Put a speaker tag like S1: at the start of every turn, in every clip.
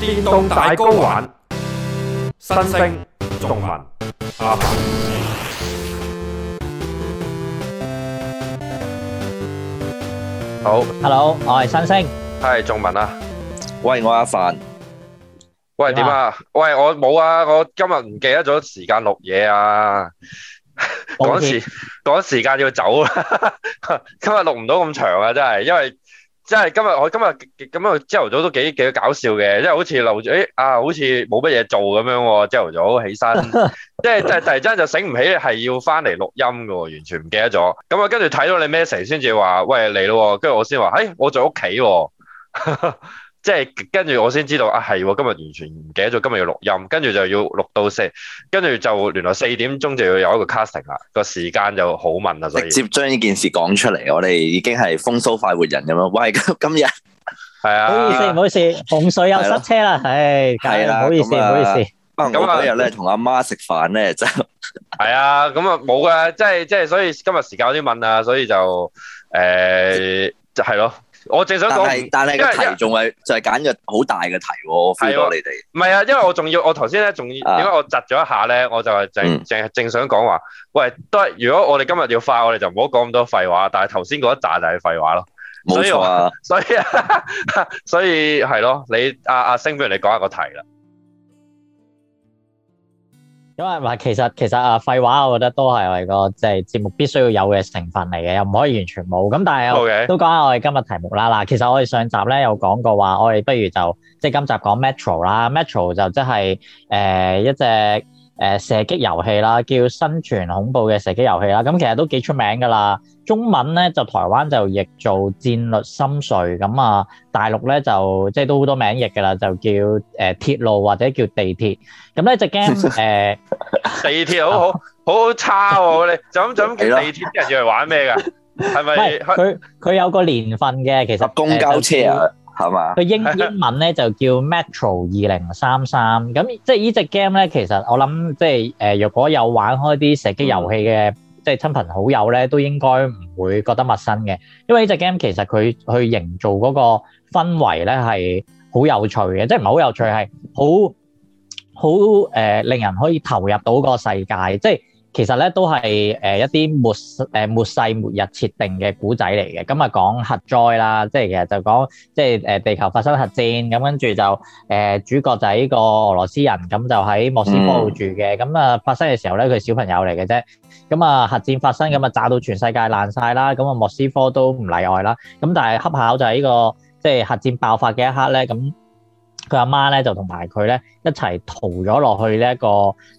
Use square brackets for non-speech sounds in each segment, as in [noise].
S1: 電動大 GO 玩，新星仲文阿凡，好，Hello，我係新星，係仲文啊，我係我阿凡，喂，點啊？喂，我冇啊，我今日唔記得咗時間錄嘢啊，趕時趕時間要走啦，今日錄唔到咁長啊，真係，因為。即係今日我今日咁樣，朝頭早都幾幾搞笑嘅，即係好似留住誒、哎、啊，好似冇乜嘢做咁樣喎。朝頭早起身，即係即係突然間就醒唔起係要翻嚟錄音嘅喎，完全唔記得咗。咁、欸、啊，跟住睇到你 message 先至話，喂嚟咯，跟住我先話，誒我喺屋企喎。即係跟住我先知道啊，係今日完全唔記得咗，今日要錄音，跟住就要錄到四，跟住就原來四點鐘就要有一個 casting 啦，個時間就好問啊，所以直接
S2: 將呢件事講出嚟，我哋已經係風騷快活人咁樣。喂，今日係啊，唔好意思，唔
S3: 好意思，洪水又塞車啦，唉，係啦，唔
S1: 好意思，唔好意思。咁啊，今日咧同阿媽食飯咧就係啊，咁啊冇噶，即係即係，所以今日時間有啲問啊，所以就誒就係咯。欸我正想講，但係但係呢個題仲係仲係揀個
S2: 好大嘅題喎，分過你哋。
S1: 唔係啊，因為我仲要，我頭先咧仲要，點、啊、解我窒咗一下咧？我就係淨淨係淨想講話，喂，都係。如果我哋今日要快，我哋就唔好講咁多廢話。但係頭先嗰一紮就係廢話咯、啊。所以啊， [laughs] 所以啊，所以係咯，你阿阿星，不如你講下個題啦。
S3: 其實其實啊，廢話，我覺得都係我哋個即係、就是、節目必須要有嘅成分嚟嘅，又唔可以完全冇。咁但係、okay. 都講下我哋今日題目啦。其實我哋上集咧有講過話，我哋不如就即係、就是、今集講 Metro 啦，Metro 就即係誒一隻。誒,射擊遊戲啦,叫生存恐怖嘅射擊遊戲啦,咁其實都幾出名㗎啦,中文咧就台灣就譯做戰慄深隧,咁啊,大陸咧就即係都好多名譯㗎啦,就叫誒鐵路或者叫地鐵,
S1: 咁
S3: 咧只佢 [laughs] 英英文咧就叫 Metro 二零三三，咁即係呢隻 game 咧，其實我諗即係誒，若果有玩開啲射擊遊戲嘅，即係親朋好友咧，都應該唔會覺得陌生嘅，因為呢隻 game 其實佢去營造嗰個氛圍咧係好有趣嘅，即係唔係好有趣係好好誒，令人可以投入到個世界，即係。其實咧都係誒一啲末誒末世末日設定嘅古仔嚟嘅，咁啊講核災啦，即係其實就講即係誒地球發生核戰，咁跟住就誒主角就係一個俄羅斯人，咁就喺莫斯科度住嘅，咁啊發生嘅時候咧佢係小朋友嚟嘅啫，咁啊核戰發生咁啊炸到全世界爛晒啦，咁啊莫斯科都唔例外啦，咁但係恰巧就係呢個即係核戰爆發嘅一刻咧，咁。佢阿媽咧就同埋佢咧一齊逃咗落去呢一個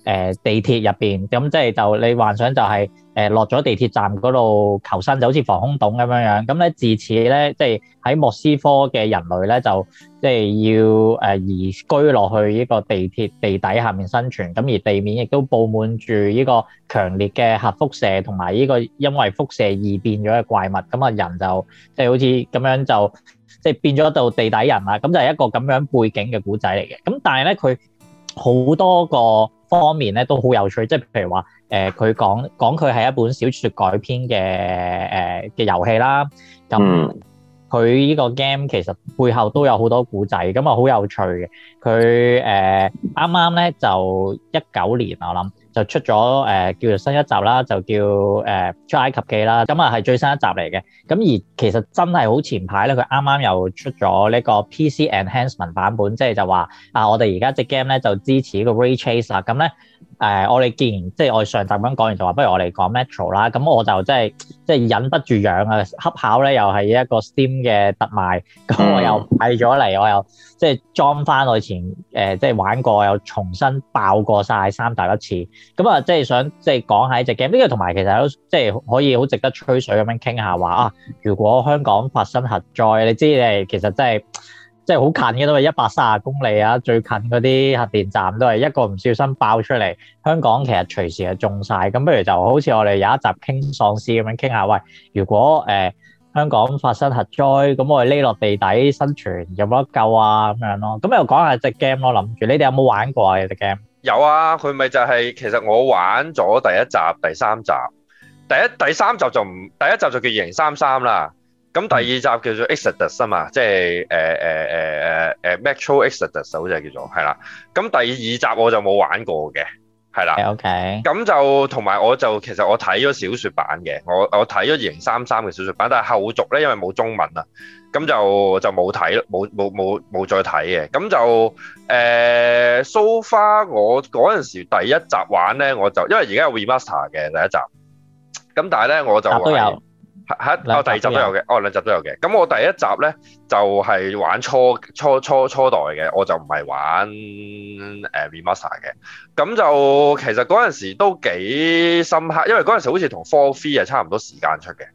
S3: 誒地鐵入邊。咁即係就，就你幻想就係落咗地鐵站嗰度求生，就好似防空洞咁樣樣。咁咧自此咧，即係喺莫斯科嘅人類咧，就即、是、係要而移居落去呢個地鐵地底下面生存。咁而地面亦都佈滿住呢個強烈嘅核輻射，同埋呢個因為輻射而變咗嘅怪物。咁啊人就即係、就是、好似咁樣就。即係變咗到地底人啦，咁就係一個咁樣背景嘅古仔嚟嘅。咁但係咧，佢好多個方面咧都好有趣，即係譬如話，佢、呃、講講佢係一本小説改編嘅嘅、呃、遊戲啦。咁佢呢個 game 其實背後都有好多古仔，咁啊好有趣嘅。佢啱啱咧就一九年我諗。就出咗誒、呃、叫做新一集啦，就叫誒、呃、出埃及記啦，咁啊係最新一集嚟嘅。咁而其實真係好前排咧，佢啱啱又出咗呢個 PC enhancement 版本，即係就話、是、啊，我哋而家隻 game 咧就支持個 ray tracing 啦，咁咧。誒、呃，我哋既然即係、就是、我上集咁講完就話，不如我哋講 Metro 啦。咁我就真係即係忍不住養啊，恰巧咧又係一個 Steam 嘅特賣，咁我又買咗嚟，我又即係裝翻我以前誒即係玩過，又重新爆過晒三大一次。咁啊，即係想即係講下隻 game 呢個同埋，其實都即係可以好值得吹水咁樣傾下話啊。如果香港發生核災，你知你其實真係。即係好近嘅都係一百三十公里啊！最近嗰啲核電站都係一個唔小心爆出嚟，香港其實隨時係中曬咁。不如就好似我哋有一集傾喪屍咁樣傾下，喂，如果誒香港發生核災，咁我哋匿落地底生存有冇得救啊？咁樣咯，咁又講下隻 game 咯，諗住你哋有冇玩過啊？隻 game
S1: 有啊，佢咪就係其實我玩咗第一集、第三集，第一、第三集就唔，第一集就叫2033啦。咁第二集叫做《Exodus》啊嘛，即係誒誒誒誒誒 Metro Exodus 好似係叫做係啦。咁第二集我就冇玩過嘅，係啦。Okay, okay. 咁就同埋我就其實我睇咗小說版嘅，我我睇咗二零三三嘅小說版，但係後續咧，因為冇中文啊，咁就就冇睇，冇冇冇冇再睇嘅。咁就呃 so far, 我嗰陣時候第一集玩咧，我就因為而家有 Remaster 嘅第一集，咁但係咧我就話。係係，我第二集都有嘅，我、哦、兩集都有嘅。咁我第一集咧就係、是、玩初初初初代嘅，我就唔係玩誒《Remaster、呃》嘅。咁就其實嗰陣時候都幾深刻，因為嗰陣時候好似同《Four Three》啊差唔多時間出嘅，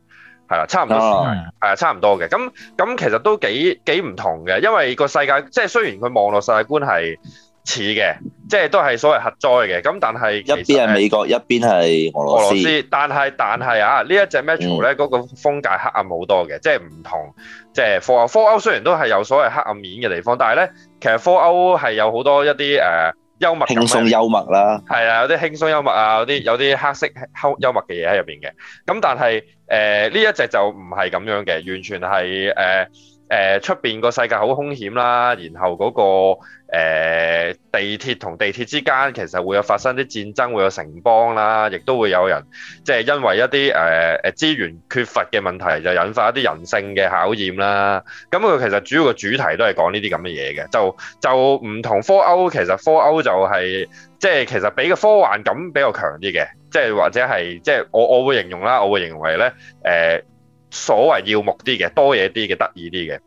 S1: 係啦，差唔多時間，係、嗯、啊，差唔多嘅。咁咁其實都幾幾唔同嘅，因為個世界即係雖然佢網絡世界觀係，似嘅，即係都係所謂核災嘅。咁但係，一邊係美國，
S2: 一邊係俄，俄羅斯。
S1: 但係但係啊，呢一隻 Metro 咧、嗯，嗰、那個風格黑暗好多嘅，即係唔同。即係 Four 歐，歐雖然都係有所謂黑暗面嘅地方，但係咧，其實 Four 歐係有好多一啲誒、呃、幽默、輕鬆幽默啦。係啊，有啲輕鬆幽默啊，嗰啲有啲黑色、黑幽默嘅嘢喺入邊嘅。咁但係誒呢一隻就唔係咁樣嘅，完全係誒。呃誒、呃、出面個世界好兇險啦，然後嗰、那個、呃、地鐵同地鐵之間其實會有發生啲戰爭，會有城邦啦，亦都會有人即係、就是、因為一啲誒誒資源缺乏嘅問題，就引發一啲人性嘅考驗啦。咁佢其實主要嘅主題都係講呢啲咁嘅嘢嘅，就就唔同科幻，其實科幻就係即係其實畀個科幻感比較強啲嘅，即、就、係、是、或者係即係我我會形容啦，我會認為咧誒。呃所謂耀目啲嘅，多嘢啲嘅，得意啲嘅。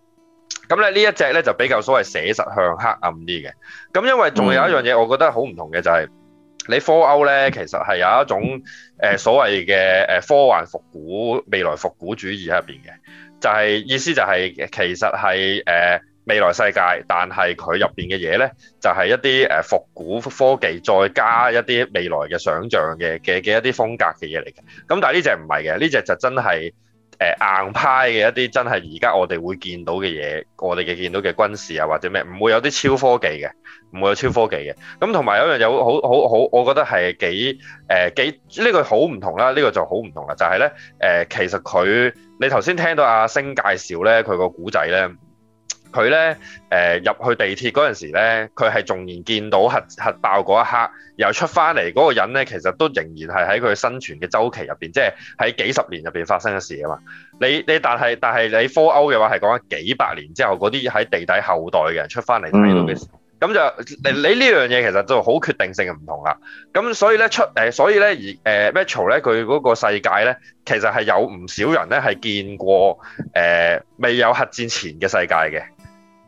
S1: 咁咧呢一隻咧就比較所謂寫實向黑暗啲嘅。咁因為仲有一樣嘢，我覺得好唔同嘅就係、是嗯、你《Fallout》咧，其實係有一種誒、呃、所謂嘅誒科幻復古未來復古主義喺入邊嘅。就係、是、意思就係、是、其實係誒、呃、未來世界，但係佢入邊嘅嘢咧就係、是、一啲誒復古科技，再加一啲未來嘅想象嘅嘅嘅一啲風格嘅嘢嚟嘅。咁但係呢隻唔係嘅，呢隻就真係。誒、呃、硬派嘅一啲真係而家我哋會見到嘅嘢，我哋嘅見到嘅軍事啊或者咩，唔會有啲超科技嘅，唔會有超科技嘅。咁同埋有一樣嘢好好好我覺得係幾誒、呃、幾呢個好唔同啦，呢個就好唔同啦，就係咧誒，其實佢你頭先聽到阿星介紹咧，佢個古仔咧。佢咧，呃、入去地鐵嗰陣時咧，佢係仲然見到核核爆嗰一刻，又出翻嚟嗰個人咧，其實都仍然係喺佢生存嘅周期入邊，即係喺幾十年入邊發生嘅事啊嘛。你你但係但係你科歐嘅話係講緊幾百年之後嗰啲喺地底後代嘅人出翻嚟睇到嘅事，咁就你你呢樣嘢其實就好決定性唔同啦。咁所以咧出、呃、所以咧而誒 Metro 咧佢嗰個世界咧，其實係有唔少人咧係見過、呃、未有核戰前嘅世界嘅。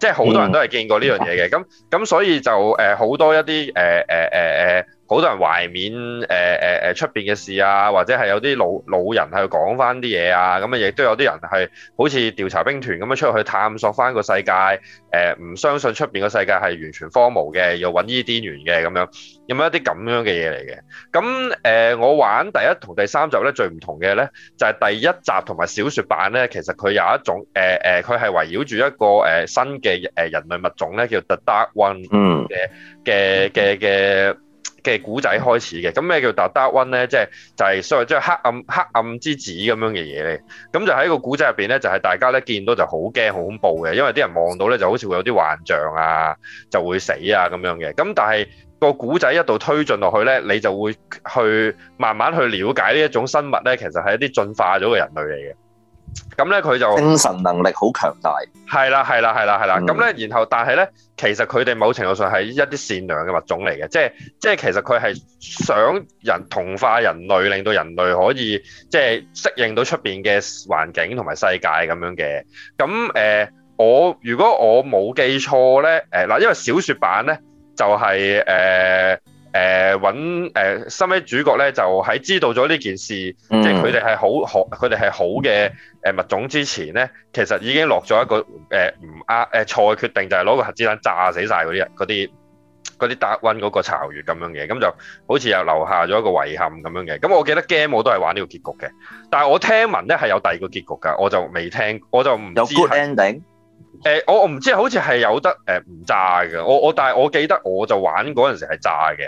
S1: 即係好多人都係見過呢樣嘢嘅，咁咁所以就誒好、呃、多一啲誒誒好多人懷緬誒誒誒出邊嘅事啊，或者係有啲老老人喺度講翻啲嘢啊，咁啊亦都有啲人係好似調查兵團咁樣出去探索翻個世界，誒、呃、唔相信出邊個世界係完全荒蕪嘅，又揾伊甸園嘅咁樣，有冇一啲咁樣嘅嘢嚟嘅。咁誒、呃，我玩第一同第三集咧最唔同嘅咧，就係、是、第一集同埋小説版咧，其實佢有一種誒誒，佢、呃、係、呃、圍繞住一個誒、呃、新嘅誒人類物種咧，叫 The Dark One 嘅嘅嘅嘅。嗯嘅古仔開始嘅，咁咩叫 Dark One 咧？即係就係所謂即係黑暗黑暗之子咁樣嘅嘢咧。咁就喺個古仔入邊咧，就係大家咧見到就好驚、好恐怖嘅，因為啲人望到咧就好似會有啲幻象啊，就會死啊咁樣嘅。咁但係個古仔一度推進落去咧，你就會去慢慢去了解呢一種生物咧，其實係一啲進化咗嘅人類嚟嘅。咁咧佢
S2: 就精神能力好強大，
S1: 係啦係啦係啦係啦，咁咧、嗯、然後但係咧，其實佢哋某程度上係一啲善良嘅物種嚟嘅，即係即係其實佢係想人同化人類，令到人類可以即係適應到出邊嘅環境同埋世界咁樣嘅。咁誒、呃，我如果我冇記錯咧，誒、呃、嗱，因為小說版咧就係、是、誒。呃誒揾誒新嘅主角咧，就喺知道咗呢件事，嗯、即係佢哋係好學好佢哋係好嘅誒物種之前咧，其實已經落咗一個誒唔啱誒錯嘅決定，就係攞個核子彈炸死晒嗰啲嗰啲嗰啲 Dark One 嗰個巢穴咁樣嘅，咁就好似又留下咗一個遺憾咁樣嘅。咁我記得 game 我都係玩呢個結局嘅，但係我聽聞咧係有第二個結局㗎，我就未聽，我就唔知係誒、呃、我我唔知好似係有得誒唔、呃、炸嘅。我我但係我記得我就玩嗰陣時係炸嘅。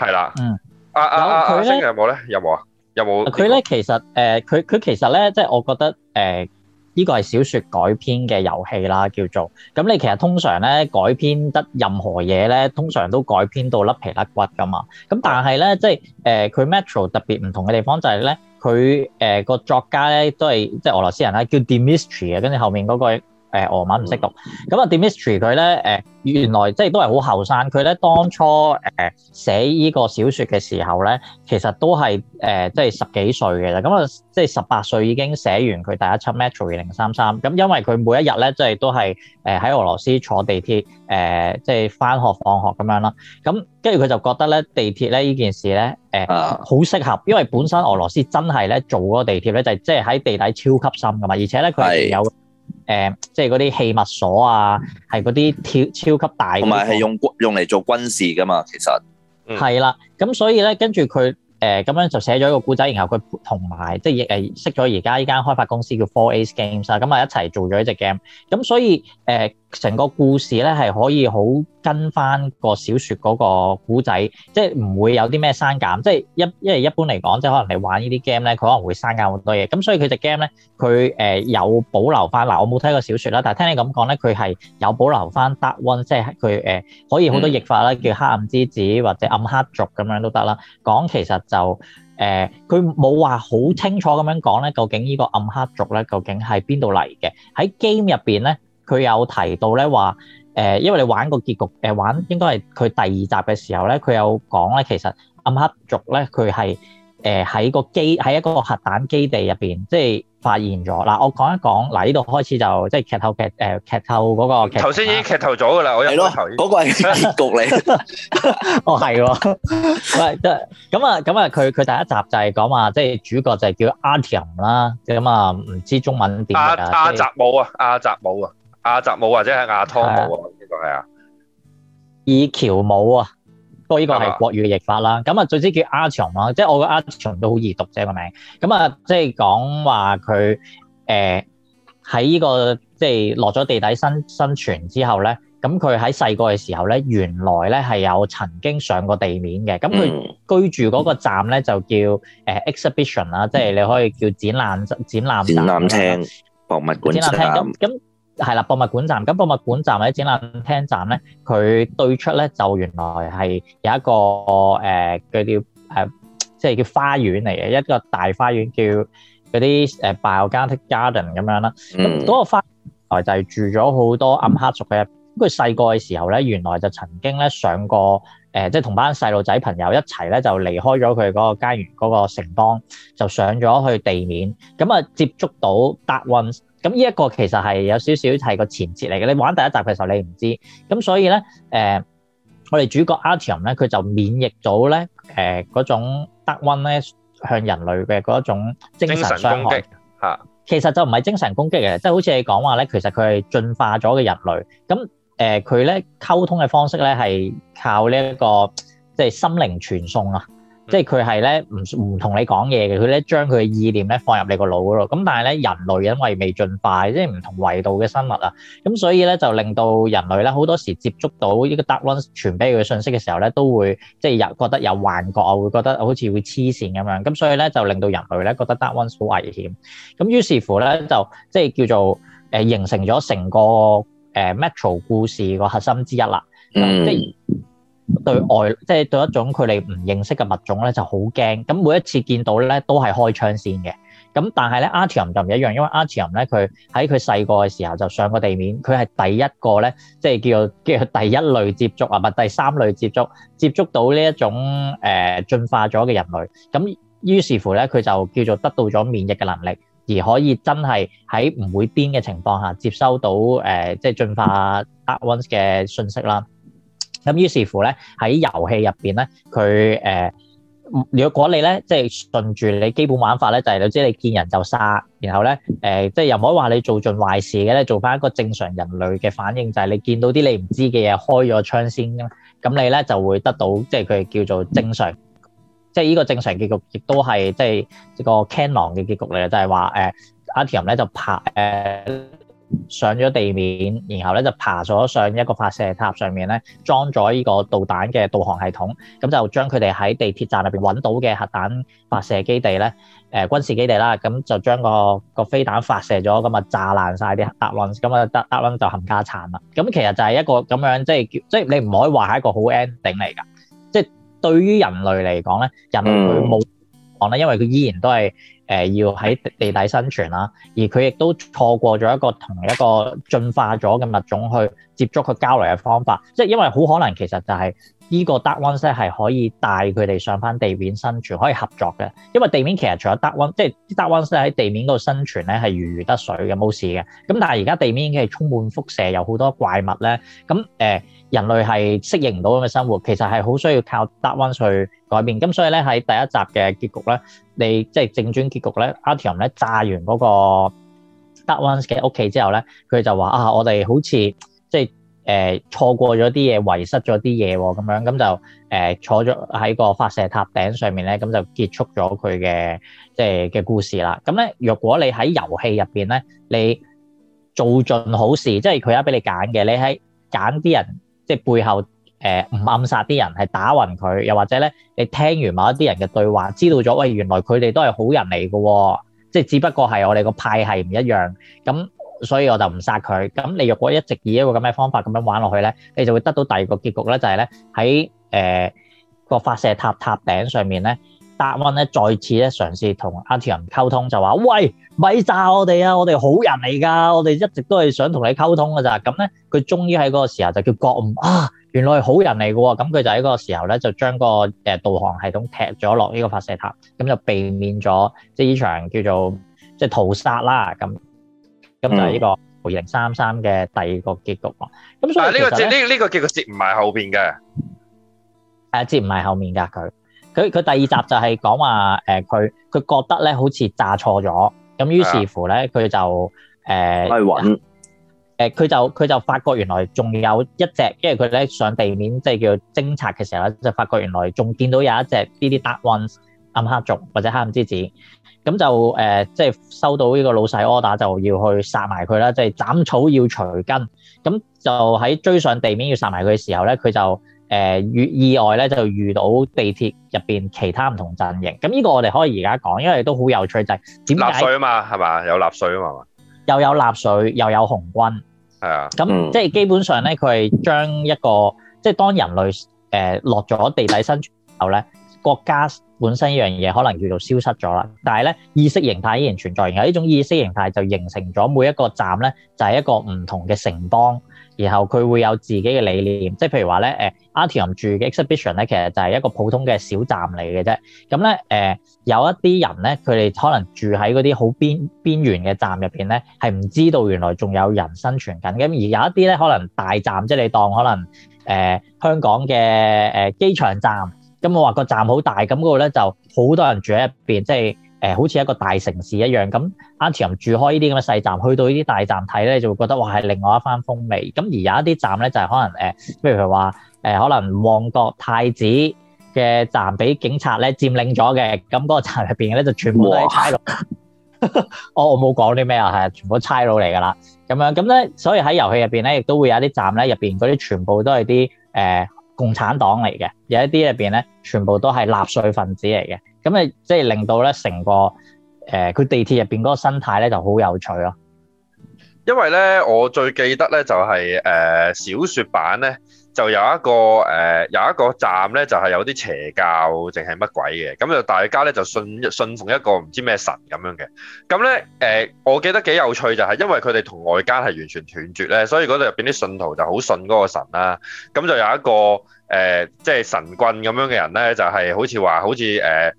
S1: 係啦，嗯，有佢有冇咧，有冇啊？啊啊啊呢有冇佢
S3: 咧？其實誒，佢、呃、佢其實咧，即、就、係、是、我覺得誒，呢、呃這個係小說改編嘅遊戲啦，叫做咁。你其實通常咧改編得任何嘢咧，通常都改編到甩皮甩骨噶嘛。咁但係咧，即係誒，佢、呃、Metro 特別唔同嘅地方就係、是、咧，佢誒、呃那個作家咧都係即係俄羅斯人啦，叫 Dmitry 嘅，跟住後面嗰、那個。誒俄文唔識讀，咁啊，Dmitry 佢咧誒原來即係都係好後生，佢咧當初誒寫呢個小説嘅時候咧，其實都係誒即係十幾歲嘅啦，咁啊即係十八歲已經寫完佢第一輯 Metro 2033，咁因為佢每一日咧即係都係誒喺俄羅斯坐地鐵誒即係翻學放學咁樣啦，咁跟住佢就覺得咧地鐵咧呢件事咧誒好適合，因為本身俄羅斯真係咧做嗰個地鐵咧就係即係喺地底超級深噶嘛，而且咧佢係有。誒、呃，即係嗰啲器物鎖啊，係嗰啲超超級大，同埋係用
S2: 用嚟做軍事㗎嘛，其實係啦，
S3: 咁、嗯、所以咧，跟住佢誒咁樣就寫咗個故仔，然後佢同埋即係亦係識咗而家呢間開發公司叫 4A Games 啊，咁啊一齊做咗一隻 game，咁所以誒。呃成個故事咧係可以好跟翻個小説嗰個古仔，即係唔會有啲咩刪減。即係一，因為一般嚟講，即係可能你玩呢啲 game 咧，佢可能會刪減好多嘢。咁所以佢隻 game 咧，佢誒有保留翻。嗱，我冇睇過小説啦，但係聽你咁講咧，佢係有保留翻。Dark One 即係佢誒可以好多譯法啦，叫黑暗之子或者暗黑族咁樣都得啦。講其實就誒，佢冇話好清楚咁樣講咧，究竟呢個暗黑族咧究竟係邊度嚟嘅？喺 game 入面咧。佢有提到咧，話誒，因為你玩個結局誒，玩應該係佢第二集嘅時候咧，佢有講咧，其實暗黑族咧，佢係誒喺個基喺一個核彈基地入面，即係發現咗嗱。我講一講嗱，呢度開始就即係劇透劇誒劇透嗰個劇。頭先已經
S1: 劇透咗㗎啦，我有劇透。嗰、那
S3: 個係結局嚟、 [laughs] [laughs] [laughs] [laughs] [laughs] 哦，哦係喎，咁啊咁啊，佢佢第一集就係講話，即係主角就係叫 Artyom 啦，咁啊唔知中文點。阿阿澤武啊，阿、啊、集、
S1: 就是啊、武啊。啊阿澤姆或者係阿湯姆
S3: 呢個係啊，這個，以橋姆啊，不過呢個係國語嘅譯法啦。咁啊，最知叫阿強啊，即係我個阿強都好易讀啫，呃這個名。咁啊，即係講話佢誒喺呢個即係落咗地底生生存之後咧，咁佢喺細個嘅時候咧，原來咧係有曾經上過地面嘅。咁佢居住嗰個站咧就叫誒 exhibition 啦，即、嗯、係、呃呃呃就是，你可以叫展覽展覽展覽廳博物館展，展覽廳咁咁。係啦，博物館站，咁博物館站喺展覽廳站咧，佢對出咧就原來係有一個誒嗰啲誒即係叫花園嚟嘅一個大花園，叫嗰啲誒拜奧嘉庭 garden 咁樣啦。咁、嗯、嗰個花園就係住咗好多暗黑族嘅。咁佢細個嘅時候咧，原來就曾經咧上過誒、呃，即係同班細路仔朋友一齊咧就離開咗佢嗰個家園嗰、嗰個城邦，就上咗去地面，咁啊接觸到 Dark Ones。咁呢一個其實係有少少係個前設嚟嘅，你玩第一集嘅時候你唔知，咁所以咧誒、呃，我哋主角阿 Artem 咧佢就免疫咗咧誒嗰種 Dark One 咧向人類嘅嗰一種精神傷害精神攻擊、啊。其實就唔係精神攻擊嘅，即、就、係、是、好似你講話咧，其實佢係進化咗嘅人類，咁誒佢咧溝通嘅方式咧係靠呢、這、一個即係、就是、心靈傳送啊。即係佢係咧唔唔同你講嘢嘅，佢咧將佢嘅意念咧放入你個腦度。咁但係咧人類因為未進化，即係唔同維度嘅生物啊，咁所以咧就令到人類咧好多時接觸到呢個 Dark One 傳俾佢嘅信息嘅時候咧，都會即係有覺得有幻覺，會覺得好似會黐線咁樣。咁所以咧就令到人類咧覺得 Dark One 好危險。咁於是乎咧就即係叫做誒形成咗成個誒 Metro 故事個核心之一啦。嗯對外即係對一種佢哋唔認識嘅物種咧，就好驚。咁每一次見到咧，都係開槍先嘅。咁但係咧，阿提姆就唔一樣，因為阿提姆咧，佢喺佢細個嘅時候就上過地面，佢係第一個咧，即係叫做叫第一類接觸啊，唔係第三類接觸，接觸到呢一種誒進化咗嘅人類。咁於是乎咧，佢就叫做得到咗免疫嘅能力，而可以真係喺唔會癲嘅情況下接收到誒即係進化 Dark Ones 嘅信息啦。咁於是乎咧，喺遊戲入邊咧，佢誒、呃，如果你咧即係順住你基本玩法咧，就係你知你見人就殺，然後咧誒，即、呃、係、就是、又唔可以話你做盡壞事嘅咧，你做翻一個正常人類嘅反應就係、是、你見到啲你唔知嘅嘢開咗槍先啦，咁你咧就會得到即係佢叫做正常，即係呢個正常結局也是，亦都係即係呢個 canon 嘅結局嚟嘅，就係話誒 Artyom 咧就跑。呃上咗地面，然後咧就爬咗上一個發射塔上面咧，裝咗呢個導彈嘅導航系統，咁就將佢哋喺地鐵站入邊揾到嘅核彈發射基地咧，誒、呃、軍事基地啦，咁就將個個飛彈發射咗，咁啊炸爛晒啲核彈，咁啊得得彈就冚家鏟啦。咁其實就係一個咁樣，即係即係你唔可以話係一個好 ending 嚟㗎。即、就、係、是、對於人類嚟講咧，人類冇講咧，因為佢依然都係。誒要喺地底生存啦，而佢亦都錯過咗一個同一個進化咗嘅物種去接觸佢交流嘅方法，即係因為好可能其實就係、是。呢、這個 Dark Ones 咧係可以帶佢哋上翻地面生存，可以合作嘅。因為地面其實除咗 Dark Ones，即係 Dark Ones 喺地面度生存咧係如魚得水嘅，冇事嘅。咁但係而家地面已經係充滿輻射，有好多怪物咧。咁誒人類係適應唔到咁嘅生活，其實係好需要靠 Dark Ones 去改變。咁所以咧喺第一集嘅結局咧，你即係正傳結局咧，Artyom 咧炸完嗰個 Dark Ones 嘅屋企之後咧，佢就話啊，我哋好似即係誒、呃、錯過咗啲嘢，遺失咗啲嘢喎，咁樣咁就誒、呃、坐咗喺個發射塔頂上面咧，咁就結束咗佢嘅即係嘅故事啦。咁咧，若果你喺遊戲入面咧，你做盡好事，即係佢而家俾你揀嘅，你喺揀啲人，即係背後誒唔、呃、暗殺啲人，係打暈佢，又或者咧，你聽完某一啲人嘅對話，知道咗喂，原來佢哋都係好人嚟嘅、哦，即係只不過係我哋個派係唔一樣咁。所以我就唔殺佢。咁你如果一直以一個咁嘅方法咁樣玩落去呢，你就會得到第二個結局呢就係、是、呢，喺、呃、誒、那個發射塔塔頂上面呢，答案呢， [noise] 再次呢，嘗試同 Artyom 溝通，就話：喂，咪炸我哋啊！我哋好人嚟㗎，我哋一直都係想同你溝通㗎咋。咁呢？佢終於喺嗰個時候就叫覺悟啊，原來係好人嚟㗎。喎。咁佢就喺嗰個時候呢，就將個誒導航系統踢咗落呢個發射塔，咁就避免咗即係呢場叫做即係、就是、屠殺啦。咁咁、嗯、就係、是、呢個2033嘅第二個結局咯。咁所以呢、啊這個接呢呢個結局
S1: 接唔係後邊嘅。
S3: 誒，接唔係後面噶佢，佢、啊、佢第二集就係講話，誒、呃，佢佢覺得咧好似炸錯咗，咁於是乎咧佢就誒去搵誒，佢、呃、就佢就發覺原來仲有一隻，因為佢咧上地面即係叫偵察嘅時候咧，就發覺原來仲見到有一隻呢啲 dark ones 暗黑族或者黑暗之子。咁就即係、呃就是、收到呢個老細 order 就要去殺埋佢啦，即、就、係、是、斬草要除根。咁就喺追上地面要殺埋佢嘅時候咧，佢就誒、呃、意外咧，就遇到地鐵入面其他唔同陣營。咁呢個我哋可以而家講，因為都好有趣，就係點解？納粹啊嘛，
S1: 係嘛？有納粹啊嘛
S3: 又有納粹，又有紅軍。係啊。咁、嗯、即係基本上咧，佢係將一個即係當人類誒、呃、落咗地底生存後咧。國家本身一樣嘢可能叫做消失咗啦，但係咧，意識形態依然存在，然後呢種意識形態就形成咗每一個站咧就係、是、一個唔同嘅城邦，然後佢會有自己嘅理念，即係譬如話咧 t Artyom 住嘅 exhibition 咧，其實就係一個普通嘅小站嚟嘅啫，咁咧誒，有一啲人咧，佢哋可能住喺嗰啲好邊邊緣嘅站入面咧，係唔知道原來仲有人生存緊，咁而有一啲咧可能大站，即係你當可能誒、呃、香港嘅誒機場站。咁我話個站好大，咁嗰度咧就好多人住喺入邊，即、就、係、是呃、好似一個大城市一樣。咁安條住開呢啲咁嘅細站，去到呢啲大站睇咧，就會覺得話係另外一番風味。咁而有一啲站咧就係可能誒，譬、呃、如話誒、呃，可能旺角太子嘅站俾警察咧佔領咗嘅，咁嗰個站入面呢，咧就全部都係差佬。我冇講啲咩啊，係全部都差佬嚟㗎啦。咁樣咁咧，所以喺遊戲入面咧，亦都會有一啲站咧入面嗰啲全部都係啲誒。呃共產黨嚟嘅，有一啲入邊咧，全部都係納粹分子嚟嘅，咁啊，即係令到咧成個誒，佢、呃、地鐵入邊嗰個生態咧就好有趣咯。
S1: 因為咧，我最記得咧就係、是、誒、呃，小說版咧。就有一個誒、呃，有一個站咧，就係、是、有啲邪教淨係乜鬼嘅，咁就大家咧就信信奉一個唔知咩神咁樣嘅，咁咧誒，我記得幾有趣就係、是、因為佢哋同外間係完全斷絕咧，所以嗰度入邊啲信徒就好信嗰個神啦、啊，咁就有一個誒，即、呃、係、就是、神棍咁樣嘅人咧，就係、是、好似話好似誒。呃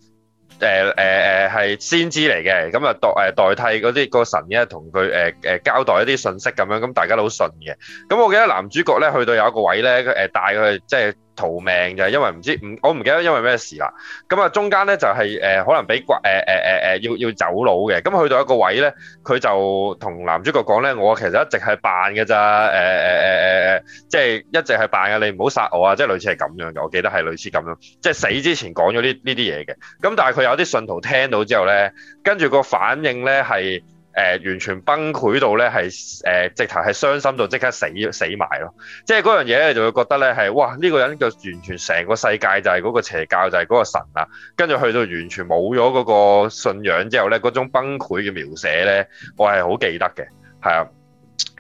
S1: 誒誒誒係先知嚟嘅，咁啊代誒代替嗰啲，嗰個神咧，同佢誒誒交代一啲信息咁樣，咁大家都好信嘅。咁、嗯嗯、我記得男主角咧去到有一個位咧，誒、呃、帶佢即係。逃命就係因為唔知唔我唔記得因為咩事啦。咁啊，中間咧就係、是、誒、呃、可能俾誒誒誒誒要要走佬嘅。咁去到一個位咧，佢就同男主角講咧：我其實一直係扮㗎咋誒誒誒誒誒，即係一直係扮㗎。你唔好殺我啊！即係類似係咁樣嘅，我記得係類似咁樣嘅，即係死之前講咗呢呢啲嘢嘅。咁但係佢有啲信徒聽到之後咧，跟住個反應咧係。是誒、呃、完全崩潰到咧係誒直頭係傷心到即刻死死埋咯，即係嗰樣嘢咧就會覺得咧係哇呢、呢個人就完全成個世界就係嗰個邪教就係、是、嗰個神啊，跟住去到完全冇咗嗰個信仰之後咧，嗰種崩潰嘅描寫咧，我係好記得嘅，係啊。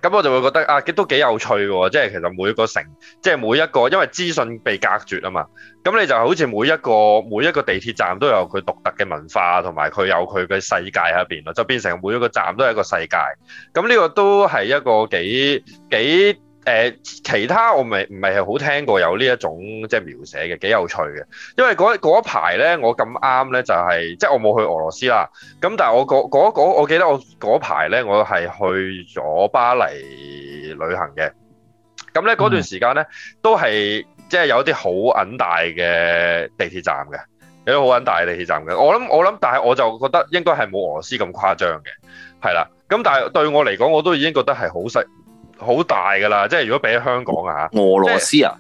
S1: 咁我就會覺得啊，都幾有趣喎，哦，即係其實每一個城，即係每一個，因為資訊被隔絕啊嘛，咁你就好似每一個每一個地鐵站都有佢獨特嘅文化，同埋佢有佢嘅世界喺入邊咯，就變成每一個站都係一個世界。咁呢個都係一個幾幾。誒，其他我唔係唔係係，好聽過有呢一種，即係描寫嘅幾有趣嘅，因為嗰排咧我咁啱咧就係即係我冇去俄羅斯啦，咁但係我嗰嗰我記得我嗰排咧我係去咗巴黎旅行嘅，咁咧嗰段時間咧都係即係有啲好奀大嘅地鐵站嘅，有啲好奀大嘅地鐵站嘅，我諗我諗，但係我就覺得應該係冇俄羅斯咁誇張嘅，係啦，咁但係對我嚟講我都已經覺得係好細。好大噶啦，即係如果俾香港啊，俄羅斯啊，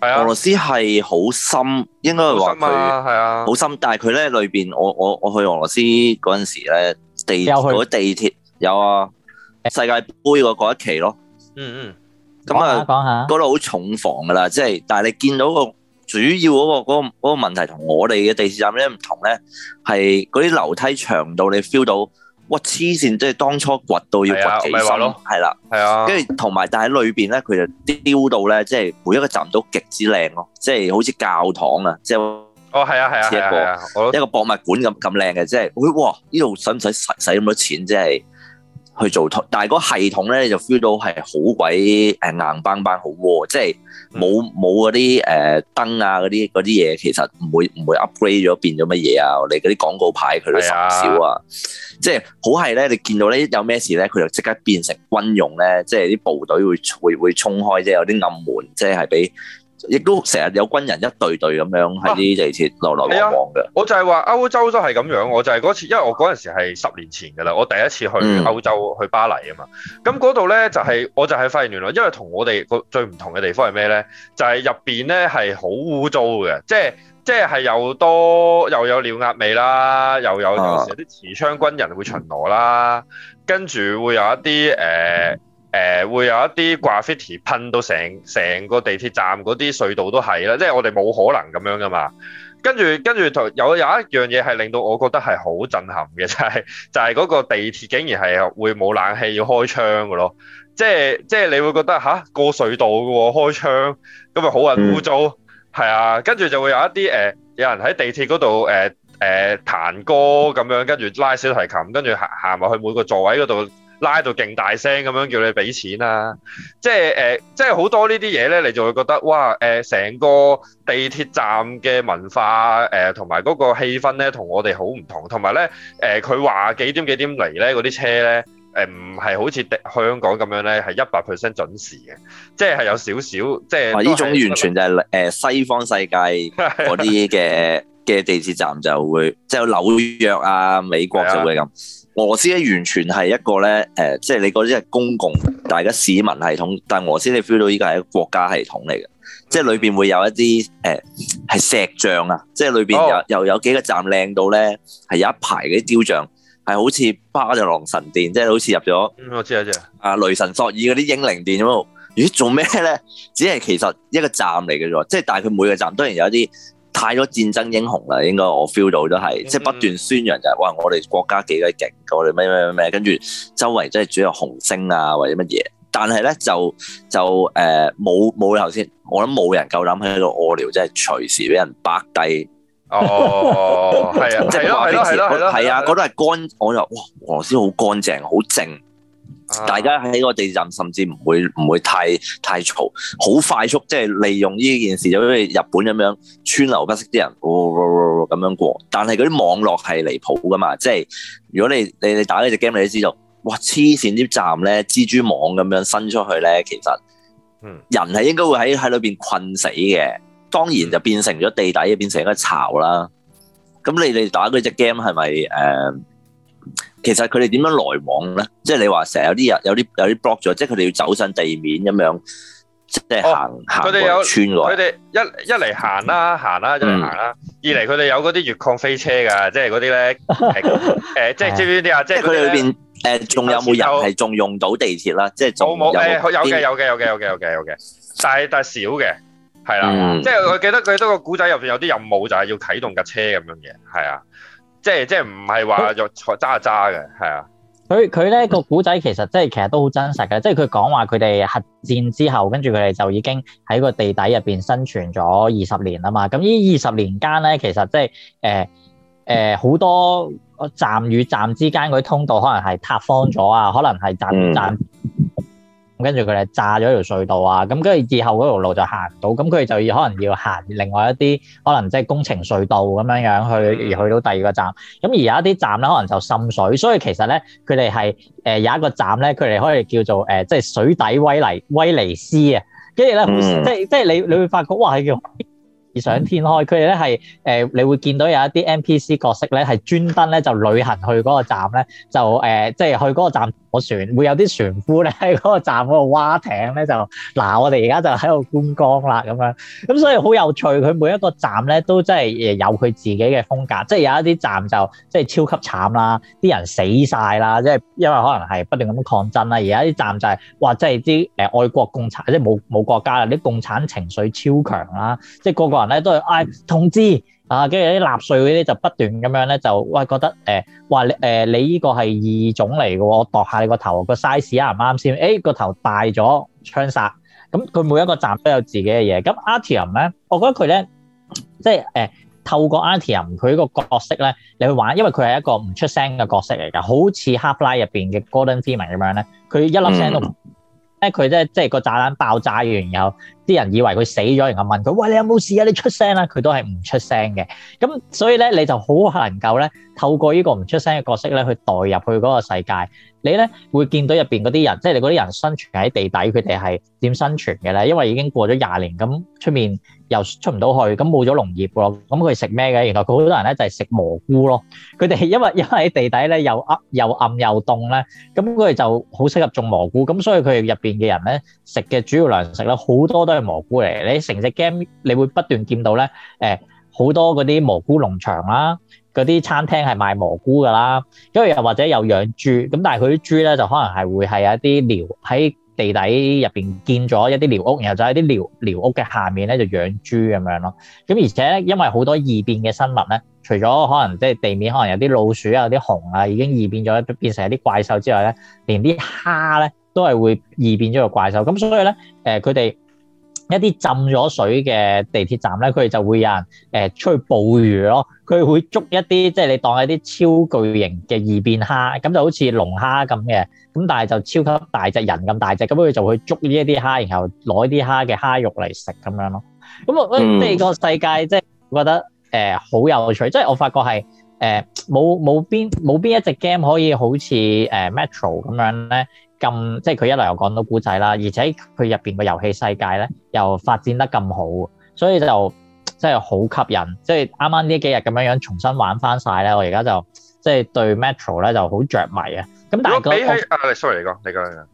S1: 係、就、啊、是，俄羅斯係好深，深應該係話佢係啊，好深，深。但係佢咧
S2: 裏邊，我我我去俄羅斯嗰陣時咧地嗰、那個、地鐵有啊，世界杯嗰嗰一期咯，嗯嗯，咁啊講下，嗰度好重防噶啦，即、就、係、是，但係你見到個主要嗰、那個嗰嗰、那個問題我同我哋嘅地鐵站咧唔同咧，係嗰啲樓梯長度你到你 feel 到。哇黐線！即係當初掘到要掘幾深，係啦，係啊，跟住同埋但係裏邊咧，佢就雕到咧，即係每一個站都極之靚咯，即係好似教堂、哦、啊，即
S1: 係哦，係啊，係啊，係啊，
S2: 一個博物館咁咁靚嘅，即係，誒哇！呢度使唔使使咁多錢？即係。去做，但係個系統咧就 feel 到係好鬼誒硬邦邦，好喎，即係冇冇嗰啲誒燈啊嗰啲啲嘢，其實唔會唔會 upgrade 咗變咗乜嘢啊？你嗰啲廣告牌佢都少少啊，啊即係好係咧，你見到咧有咩事咧，佢就即刻變成軍用咧，即係啲部隊會會會衝開，即係有啲暗門，即係係俾。
S1: 亦都成日有軍人一隊隊咁樣喺啲地鐵來來往往嘅。我就係話歐洲都係咁樣，我就係嗰次，因為我嗰陣時係十年前㗎啦。我第一次去歐洲，嗯、去巴黎啊嘛。咁嗰度呢就係，是，我就係發現原因為發現原來，因為我同我哋最唔同嘅地方係咩呢？就係，是、入面呢係好污糟嘅，即係即係又多又有尿壓味啦，又有、啊、時有時啲持槍軍人會巡邏啦，跟住會有一啲誒。呃嗯誒、呃、會有一啲 graffiti 噴到成成個地鐵站嗰啲隧道都係啦，即係我哋冇可能咁樣噶嘛。跟住跟住有有一樣嘢係令到我覺得係好震撼嘅，就係、係、就嗰、係、個地鐵竟然係會冇冷氣要開窗㗎咯。即係即係你會覺得吓、啊、過隧道喎開窗，咁咪好混污糟係啊。跟住就會有一啲、呃、有人喺地鐵嗰度誒彈歌咁樣，跟住拉小提琴，跟住行行埋去每個座位嗰度。拉到勁大聲咁樣叫你俾錢啊！即係誒、呃，即係好多呢啲嘢咧，你就會覺得哇、呃，成個地鐵站嘅文化同埋嗰個氣氛咧，同我哋好唔同。同埋咧佢話幾點幾點嚟咧，嗰啲車咧唔係好似香港咁樣咧，係一百 percent 準時嘅，即係有少少即係。呢種完全
S2: 就係西方世界嗰啲嘅嘅地鐵站就會，即 [laughs] 係紐約啊美國就會咁。俄羅斯咧完全係一個咧，誒、呃，即係你嗰啲係公共大家市民系統，但係俄羅斯你 feel 到依家係一個國家系統嚟嘅，即係裏邊會有一啲誒係石像啊，即係裏邊又又有幾個站靚到咧係有一排嗰啲雕像，係好似巴特狼神殿，即係好似入咗，我知啊啊，雷神索爾嗰啲英靈殿咁，咦做咩咧？只係其實一個站嚟嘅啫，即係但係佢每個站都係有一啲。太多戰爭英雄啦，應該我 feel 到都係，即、嗯就是、不斷宣揚就係、是，哇！我哋國家幾鬼勁，我哋咩咩咩咩，跟住周圍真係主要紅星啊或者乜嘢，但係咧就就誒冇冇頭先，我諗冇人夠膽喺度屙尿即係隨時俾人拍低。哦，係 [laughs] 啊、哦，即係話啊，嗰度係乾，我又哇，俄羅斯好乾淨，好靜。啊、大家喺個地鐵站甚至唔會唔會太太嘈，好快速即係利用呢件事，就好似日本咁樣川流不息啲人咁、哦哦哦、樣過。但係嗰啲網絡係離譜噶嘛，即係如果你你你打呢隻 game 你都知道，哇黐線啲站咧蜘蛛網咁樣伸出去咧，其實人係應該會喺喺裏邊困死嘅。當然就變成咗地底，變成了一個巢啦。咁你哋打嗰隻 game 係咪誒？呃其實佢哋點樣來往咧？即、就、係、是、你話成日有啲人有啲有啲 block 咗，即係佢哋要走上地面咁樣，即、就、係、是、行行過村來。佢哋
S1: 一一嚟行啦，行啦，一嚟行啦、啊啊啊嗯。二嚟佢哋有嗰啲越礦飛車噶，即係嗰啲咧誒誒，即係知唔知啲啊？即係佢哋裏邊誒，仲、呃、有冇人係仲用到地鐵啦？即係冇冇有嘅有嘅、欸欸、有嘅有嘅有嘅有嘅，但係但係少嘅係啦。即係、嗯就是、我記得佢多個古仔入邊有啲任務就係要啟動架車咁樣嘅，係啊。即係即係唔係話又再渣渣嘅，係啊。
S3: 佢佢咧個古仔其實即係其實都好真實嘅，即係佢講話佢哋核戰之後，跟住佢哋就已經喺個地底入邊生存咗二十年啦嘛。咁呢二十年間咧，其實即係誒誒好多站與站之間嗰啲通道可能係塌方咗啊，可能係站站。嗯。跟住佢哋炸咗條隧道啊！咁跟住之後嗰條路就行唔到，咁佢哋就要可能要行另外一啲，可能即係工程隧道咁樣樣去而去到第二個站。咁而有一啲站咧，可能就滲水，所以其實咧，佢哋係誒有一個站咧，佢哋可以叫做誒，即、呃、係水底威尼,威尼斯啊！跟住咧，即即係你你會發覺哇，係叫異想天開。佢哋咧係誒，你會見到有一啲 NPC 角色咧，係專登咧就旅行去嗰個站咧，就誒即係去嗰個站。我船會有啲船夫咧喺嗰個站嗰度划艇咧就嗱、啊，我哋而家就喺度觀光啦咁樣咁，所以好有趣。佢每一個站咧都真係誒有佢自己嘅風格，即、就、係、是、有一啲站就即係、就是、超級慘啦，啲人死晒啦，即、就、係、是、因為可能係不斷咁抗爭啦。而有一啲站就係、是、哇，即係啲誒愛國共產即係冇冇國家啦，啲共產情緒超強啦，即係個個人咧都係嗌、哎、同志。啊，跟住啲納粹嗰啲就不斷咁樣咧，就哇覺得誒，話誒你依個係異種嚟嘅喎，度下你個頭個 size 啱唔啱先？誒個頭大咗，槍殺。咁佢每一個站都有自己嘅嘢。咁 Artyom 咧，我覺得佢咧，即係誒透過 Artyom 佢依個角色咧，你去玩，因為佢係一個唔出聲嘅角色嚟㗎，好似《Half-Life》入邊嘅 Gordon Freeman 咁樣咧，佢一粒聲都唔。咧佢咧即係個炸彈爆炸完，然後啲人以為佢死咗，然後問佢：喂，你有冇事啊？你出聲啊！佢都係唔出聲嘅。咁所以咧，你就好能夠咧，透過呢個唔出聲嘅角色咧，去代入去嗰個世界。你咧會見到入邊嗰啲人，即係你嗰啲人生存喺地底，佢哋係點生存嘅咧？因為已經過咗廿年，咁出面，又出唔到去，咁冇咗農業喎，咁佢食咩嘅？原來佢好多人咧就係食蘑菇咯。佢哋因為因為地底咧又暗又暗又凍咧，咁佢哋就好適合種蘑菇，咁所以佢哋入邊嘅人咧食嘅主要糧食咧好多都係蘑菇嚟。你成隻 game 你會不斷見到咧，誒好多嗰啲蘑菇農場啦，嗰啲餐廳係賣蘑菇噶啦，跟住又或者有養豬，咁但係佢啲豬咧就可能係會係一啲尿喺。地底入面建咗一啲寮屋，然後就喺啲寮寮屋嘅下面咧就養豬咁樣咯。咁而且咧因為好多異變嘅生物咧，除咗可能即係地面可能有啲老鼠啊、有啲熊啊已經異變咗變成一啲怪獸之外咧，連啲蝦咧都係會異變咗個怪獸。咁所以咧，誒佢哋。一啲浸咗水嘅地鐵站咧，佢哋就會有人出去捕魚咯。佢會捉一啲即係你當係一啲超巨型嘅異變蝦，咁就好似龍蝦咁嘅。咁但係就超級大隻人咁大隻，咁佢就會捉呢一啲蝦，然後攞啲蝦嘅蝦肉嚟食咁樣咯。咁我覺得呢個世界即係覺得誒好、呃、有趣，即、就、係、是、我發覺係誒冇冇邊冇邊一隻 game 可以好似誒、呃、Metro 咁樣咧。咁即係佢一嚟又講到古仔啦，而且佢入邊個遊戲世界咧又發展得咁好，所以就真係好吸引。即係啱啱呢幾日咁樣樣重新玩翻晒咧，我而家就即係對 Metro 咧就好着迷啊！
S1: 咁但係個、uh,，你你 sorry 嚟講你講你講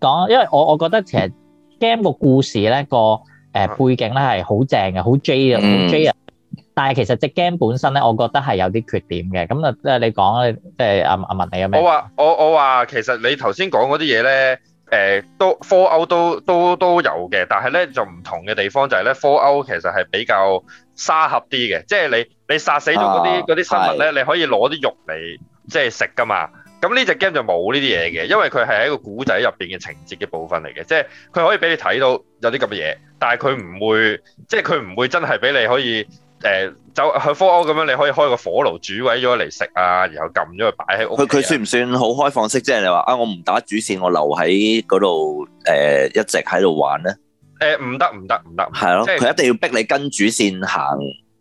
S3: 講，因為我我覺得其實 game 個故事咧個誒背景咧係好正嘅，好 J 啊、嗯，好 J 啊。但係其實隻 game 本身咧，我覺得係有啲缺點嘅。咁啊，即係你講，即係阿阿文你有咩？我話
S1: 我我話，其實你頭先講嗰啲嘢咧，誒、欸、都科歐都都都有嘅，但係咧就唔同嘅地方就係咧科歐其實係比較沙盒啲嘅，即係你你殺死咗嗰啲啲生物咧，你可以攞啲肉嚟即係食噶嘛。咁呢隻 game 就冇呢啲嘢嘅，因為佢係一個古仔入邊嘅情節嘅部分嚟嘅，即係佢可以俾你睇到有啲咁嘅嘢，但係佢唔會，即係佢唔會真係俾你可以。誒、呃，就去科歐咁樣，你可以開個火爐煮位咗嚟食啊，然後撳咗佢擺喺屋。佢算
S2: 唔算好開放式？即係你話啊，我唔打主線，我留喺嗰度誒，一直喺度玩
S1: 咧？誒、呃，唔得唔得唔得，係咯，佢、啊即係、一
S2: 定要逼你跟主線行。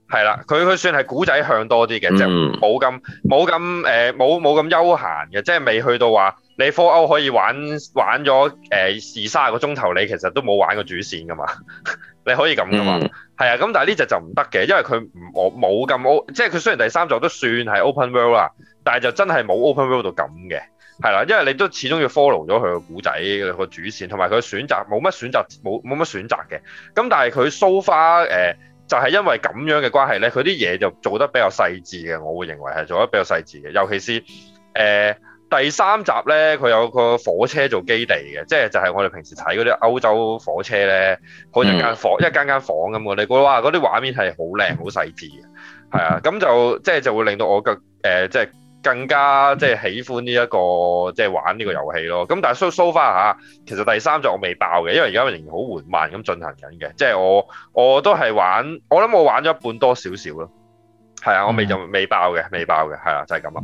S1: 係啦、啊，佢佢算係古仔向多啲嘅、嗯，就冇咁冇咁誒，冇冇咁悠閒嘅，即係未去到話你科歐可以玩玩咗誒二三十個鐘頭，你其實都冇玩過主線㗎嘛。 [laughs] 你可以咁噶嘛？係、嗯、啊，咁但係呢隻就唔得嘅，因為佢唔冇咁即係佢雖然第三作都算係 open world 啦，但係就真係冇 open world 到咁嘅，係啦，因為你都始終要 follow 咗佢個古仔個主線，同埋佢選擇冇乜選擇，冇冇乜選擇嘅。咁但係佢 so far 誒、呃，就係、是、因為咁樣嘅關係咧，佢啲嘢就做得比較細緻嘅，我會認為係做得比較細緻嘅，尤其是誒。呃第三集咧，佢有個火車做基地嘅，即係就係、是、我哋平時睇嗰啲歐洲火車咧，好似間房、mm-hmm. 一間間房咁嘅。你估哇，嗰啲畫面係好靚、好細緻嘅，係啊。咁就即係、就是、就會令到我更誒，即、呃、係、就是、更加即係、就是、喜歡呢、這、一個即係、就是、玩呢個遊戲咯。咁但係 so so far 吓，其實第三集我未爆嘅，因為而家仍然好緩慢咁進行緊嘅。即、就、係、是、我我都係玩，我諗我玩咗一半多少少咯。係啊，我未就未爆嘅，未爆嘅，係啊，就係咁啦。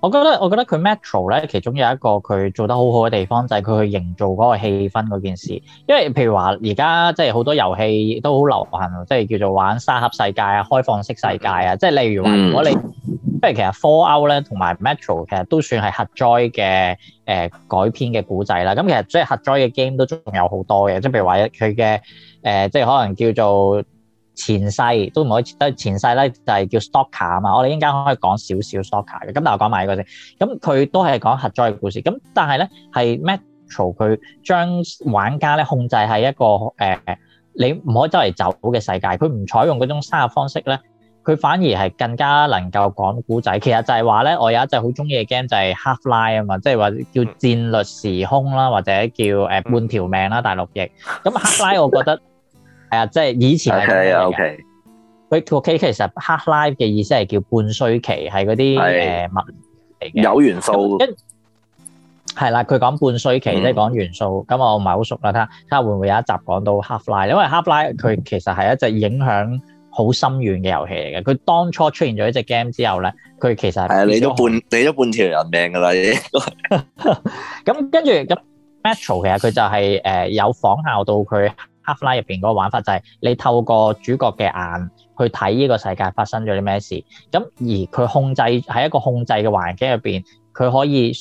S3: 我覺得我覺得佢 Metro 咧，其中有一個佢做得好好嘅地方就係、是、佢去營造嗰個氣氛嗰件事，因為譬如話而家即係好多遊戲都好流行，即、就、係、是、叫做玩沙盒世界啊、開放式世界啊，即、就、係、是、例如話如果你即係、嗯、其實 Fallout 咧同埋 Metro 其實都算係核災嘅誒、呃、改編嘅古仔啦，咁其實即係核災嘅 game 都仲有好多嘅，即、就、係、是、譬如話佢嘅即係可能叫做。前世都唔可以，但係前世咧就係叫 Stalker 啊嘛。我哋依家可以講少少 Stalker 嘅，咁但係我講埋呢、呢個先。咁佢都係講核災嘅故事，咁但係咧係 Metro 佢將玩家咧控制喺一個誒、呃，你唔可以周圍走嘅世界。佢唔採用嗰種三維方式咧，佢反而係更加能夠講古仔。其實就係話咧，我有一隻好中意嘅 game 就係 Half Life 啊嘛，即係話叫戰慄時空啦，或者叫誒半條命啦，大陸譯。咁 Half Life 我覺得。係啊，即係以前係 OK，OK。佢 OK，其實 Half Life 嘅意思係叫半衰期，係嗰啲誒物嚟嘅。
S2: 有元素一
S3: 係啦，佢講半衰期即係講元素。咁我唔係好熟啦，睇下睇下會唔會有一集講到 Half Life？因為 Half Life 佢其實係一隻影響好深遠嘅遊戲嚟嘅。佢當初出現咗一隻 game 之後咧，佢其實係啊，你都
S2: 半你都半條人命噶啦，已經。
S3: 咁跟住咁 Metro 其實佢就係誒有仿效到佢。a f l y 入邊嗰個玩法就係你透過主角嘅眼去睇呢個世界發生咗啲咩事，咁而佢控制喺一個控制嘅環境入邊，佢可以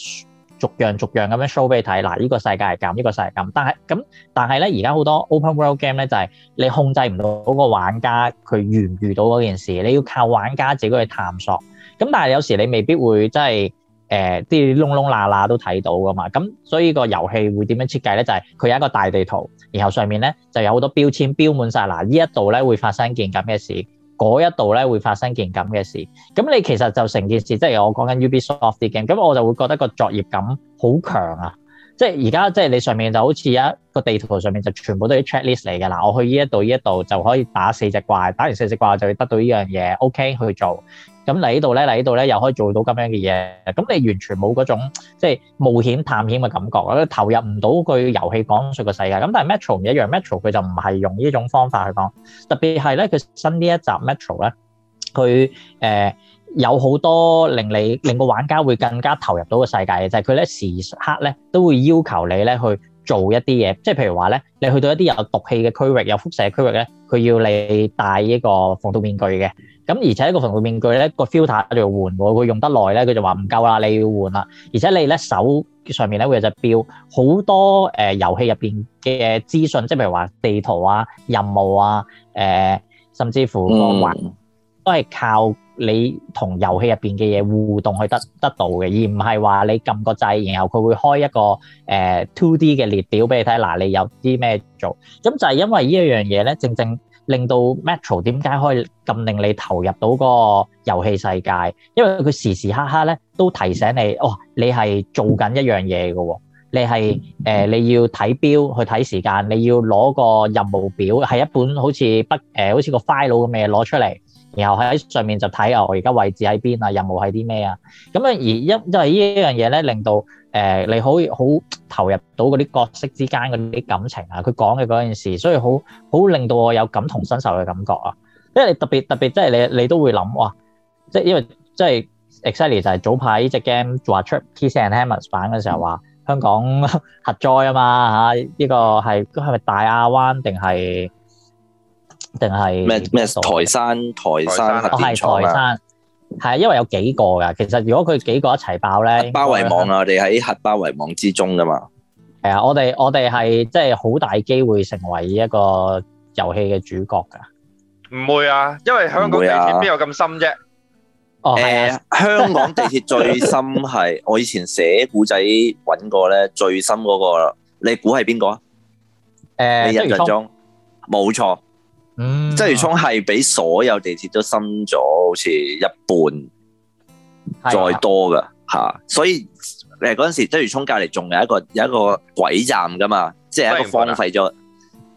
S3: 逐樣逐樣咁樣 show 俾你睇。嗱，呢個世界係咁，呢、呢個世界係咁，但係咁但係咧，而家好多 open world game 咧就係你控制唔到嗰個玩家佢遇唔遇到嗰件事，你要靠玩家自己去探索。咁但係有時你未必會真係。誒啲窿窿罅罅都睇到噶嘛，咁所以個遊戲會點樣設計咧？就係、是、佢有一個大地圖，然後上面咧就有好多標籤標滿晒。嗱，呢一度咧會發生件咁嘅事，嗰一度咧會發生件咁嘅事。咁你其實就成件事，即係我講緊 Ubisoft 啲 game。咁我就會覺得個作業感好強啊！即係而家，即係你上面就好似一個地圖上面就全部都係啲 checklist 嚟嘅啦。我去呢一度呢一度就可以打四隻怪，打完四隻怪就會得到呢樣嘢。OK 去做，咁嚟呢度咧，嚟呢度咧又可以做到咁樣嘅嘢。咁你完全冇嗰種即係冒險探險嘅感覺，投入唔到佢遊戲講述嘅世界。咁但係 Metro 唔一樣，Metro 佢就唔係用呢種方法去講。特別係咧，佢新呢一集 Metro 咧，佢、呃有好多令你令個玩家會更加投入到個世界嘅，就係佢咧時刻咧都會要求你咧去做一啲嘢，即係譬如話咧，你去到一啲有毒氣嘅區域、有輻射區域咧，佢要你戴一個防毒面具嘅。咁而且個防毒面具咧、個 filter 仲要換，會用得耐咧佢就話唔夠啦，你要換啦。而且你咧手上面咧會有隻表，好多誒遊戲入邊嘅資訊，即係譬如話地圖啊、任務啊、誒、呃、甚至乎個環、嗯都係靠你同遊戲入邊嘅嘢互動去得得到嘅，而唔係話你撳個掣，然後佢會開一個誒 2D 嘅列表俾你睇。嗱，你有啲咩做？咁就係因為呢一樣嘢咧，正正令到 Metro 點解可以咁令你投入到個遊戲世界？因為佢時時刻刻咧都提醒你，哦，你係做緊一樣嘢噶，你係誒你要睇表去睇時間，你要攞個任務表係一本好似筆誒，好似個 file 咁嘅嘢攞出嚟。然後喺上面就睇下，我而家位置喺邊啊？任務係啲咩啊？咁樣，而因因為呢一樣嘢咧，令到誒你好好投入到嗰啲角色之間嗰啲感情啊，佢講嘅嗰件事，所以好好令到我有感同身受嘅感覺啊！因為你特別特別，即係你你都會諗哇，即係因為即係 exciting 就係早排呢隻 game 話出 Kiss and Hammers 版嘅時候話香港核災啊嘛嚇，呢個係係咪大亞灣定係？定係咩咩台山？
S2: 台山核係台山，
S3: 係啊，啊，因為有幾個噶其實如果佢幾個一齊爆咧，包圍網啊，我哋喺
S2: 核包圍網之中噶嘛。
S3: 係啊，我哋我哋係即係好大機會成為一個遊戲嘅主角噶。
S1: 唔會啊，因為香港地鐵邊有咁深啫，
S3: 啊。誒、啊哦啊呃，
S2: 香港地鐵最深係 [laughs] 我以前寫故仔揾過咧，最深嗰個你估係邊個啊？誒、呃，一個鐘，冇錯。嗯，鰂魚涌係比所有地鐵都深咗，好似一半再多噶吓、啊啊啊，所以誒嗰陣時鰂魚涌隔籬仲有一個有一個鬼站噶嘛，即係一個荒廢咗，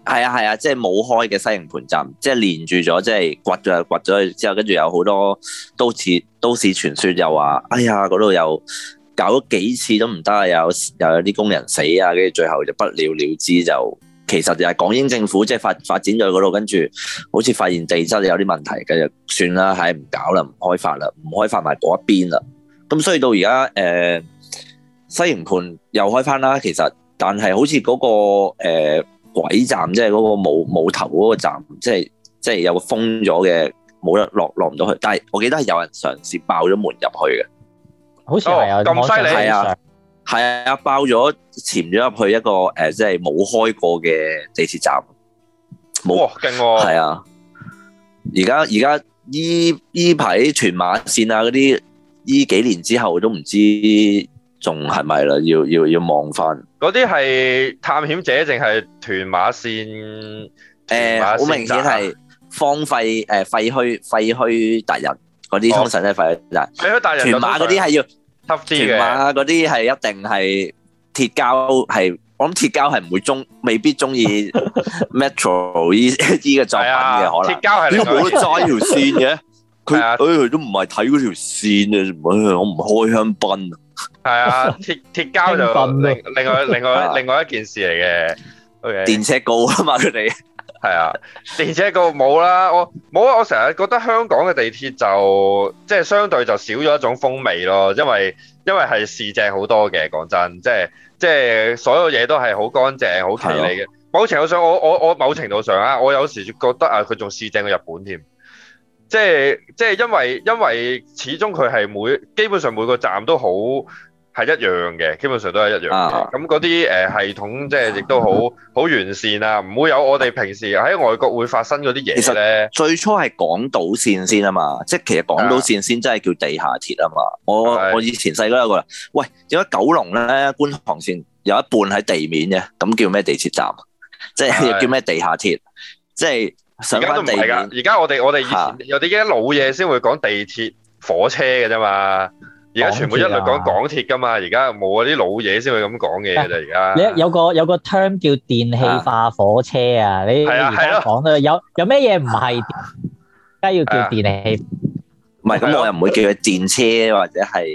S2: 係啊係啊，啊，啊，即係冇開嘅西營盤站，即係連住咗，即係掘咗掘咗之後，跟住，有好多都市都市傳說又話，哎呀嗰度又搞咗幾次都唔得，有又有啲工人死啊，跟住最後就不了了之就。其實就係港英政府即係、就是、發發展咗嗰度，跟住好似發現地質有啲問題，跟住算啦，係唔搞啦，唔開發啦，唔開發埋嗰一邊啦。咁所以到而家誒西營盤又開翻啦。其實但係好似嗰、嗰個、呃、鬼站，即係嗰個冇冇頭嗰個站，即係即係有個封咗嘅，冇得落落唔到去。但係我記得係有人嘗試爆咗門入去嘅，
S3: 好似咁犀利。Oh,
S2: 係啊，爆咗潛咗入去一個誒，即係冇開過嘅地鐵站。冇。哇，勁喎！係啊，而家而家依依排屯馬線啊，嗰啲依幾年之後都唔知仲係咪啦，要要要望翻。
S1: 嗰啲係探險者定係屯馬線？誒，好明顯係荒廢誒廢墟廢墟達人嗰啲，通常都係廢墟達人。係啊，達
S2: 人。屯馬嗰啲係要。起碼嗰啲係一定係鐵膠係，我諗鐵膠係唔會中，未必中意 metro 依啲嘅作品嘅可能。鐵膠係你冇得揸條線嘅，佢誒都唔係睇嗰條線啊！我唔開香檳啊！係啊，
S1: 鐵鐵膠，就另外另外另外一件事嚟嘅。電車高啊嘛，佢哋。係啊，而且個冇啦，我冇啊！我成日覺得香港嘅地鐵就即係相對就少咗一種風味咯，因為因為係市正好多嘅。講真，即係即係所有嘢都係好乾淨、好企理嘅。某程度上，我我我某程度上啊，我有時覺得啊，佢仲市正過日本添，即係即係因為因為始終佢係每基本上每個站都好。係一樣嘅，基本上都係一樣嘅。咁嗰啲誒系統即係亦都好好完善啊，唔會有我哋平時喺外國會發生嗰啲嘢咧。其實
S2: 最初係港島線先啊嘛，即係其實港島線先真係叫地下鐵啊嘛。啊我我以前細個有個，喂點解九龍咧觀塘線有一半喺地面嘅？咁叫咩地鐵站？即係叫咩地下鐵？即係
S1: 上翻地面。而家我哋我哋以前有啲幾老嘢先會講地鐵火車嘅啫嘛？而家全部一律講港鐵噶嘛，而家冇啊啲老嘢先會咁講嘢嘅啫。而家你
S3: 有個有個 term 叫電氣化火車啊，你而家講啦，有有咩嘢唔係梗要叫電氣？
S2: 唔係咁我又唔會叫佢電車或者係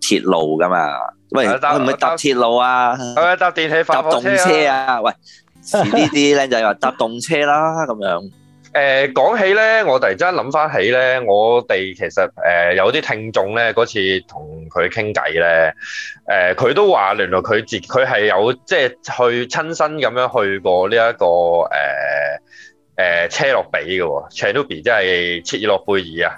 S2: 誒鐵路噶嘛？喂，會唔會搭鐵路啊？係咪搭電氣
S1: 化火車啊？搭動車啊？喂，呢啲靚仔話搭動車啦咁樣。誒，講起咧，我突然之間諗翻起咧，我哋其實誒、呃、有啲聽眾咧，嗰次同佢傾偈咧，誒、呃，佢都話原來佢自佢係有即係去親身咁樣去過呢、這、一個誒誒、呃呃、車諾比嘅，Chenobi 即係切爾諾貝爾啊，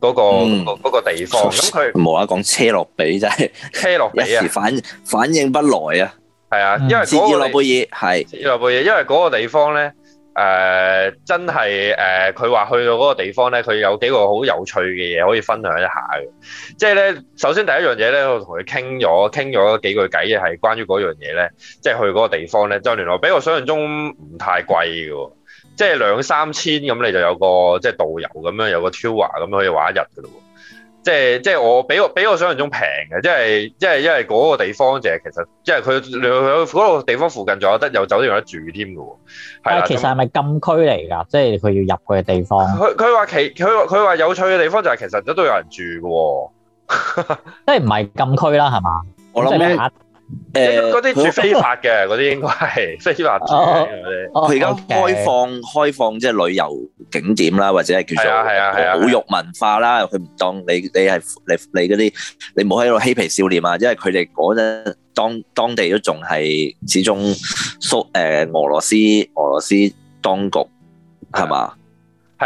S1: 嗰、那個嗰、嗯那個地方。咁佢冇啊講車諾比真、就、係、是、車諾比啊，反反應不來啊，係啊，因為切爾諾貝爾係切爾諾貝爾，因為嗰個地方咧。誒、呃、真係誒，佢、呃、話去到嗰個地方咧，佢有幾個好有趣嘅嘢可以分享一下嘅。即係咧，首先第一樣嘢咧，我同佢傾咗傾咗幾句偈嘅，係關於嗰樣嘢咧，即係去嗰個地方咧，周聯絡比我想象中唔太貴嘅，即係兩三千咁，你就有個即係導遊咁樣，有個 tour 咁樣可以玩一日嘅咯。即係即係我比我比我想象中平嘅，即係即係因為嗰個地方就係其實，即係佢佢嗰個地方附近仲有得有酒店有得住添㗎喎。係啊，其實
S3: 係咪禁區嚟㗎？即係佢要入去嘅地方。佢
S1: 佢話其佢佢話有趣嘅地方就係其實都有人住㗎喎 [laughs] ，
S3: 即係唔係禁區啦係嘛？我諗
S1: 誒、嗯，嗰啲做非法嘅
S2: 嗰啲，嗯、應該係非法做嘅嗰啲。佢而家開放、okay. 開放即係旅遊景點啦，或者係叫做保育文化啦。佢唔、啊啊、當你你係你你嗰啲，你唔好喺度嬉皮笑臉啊，因為佢哋嗰陣當當地都仲係始終屬誒俄羅斯俄羅斯當局係、啊啊就
S1: 是啊啊、嘛，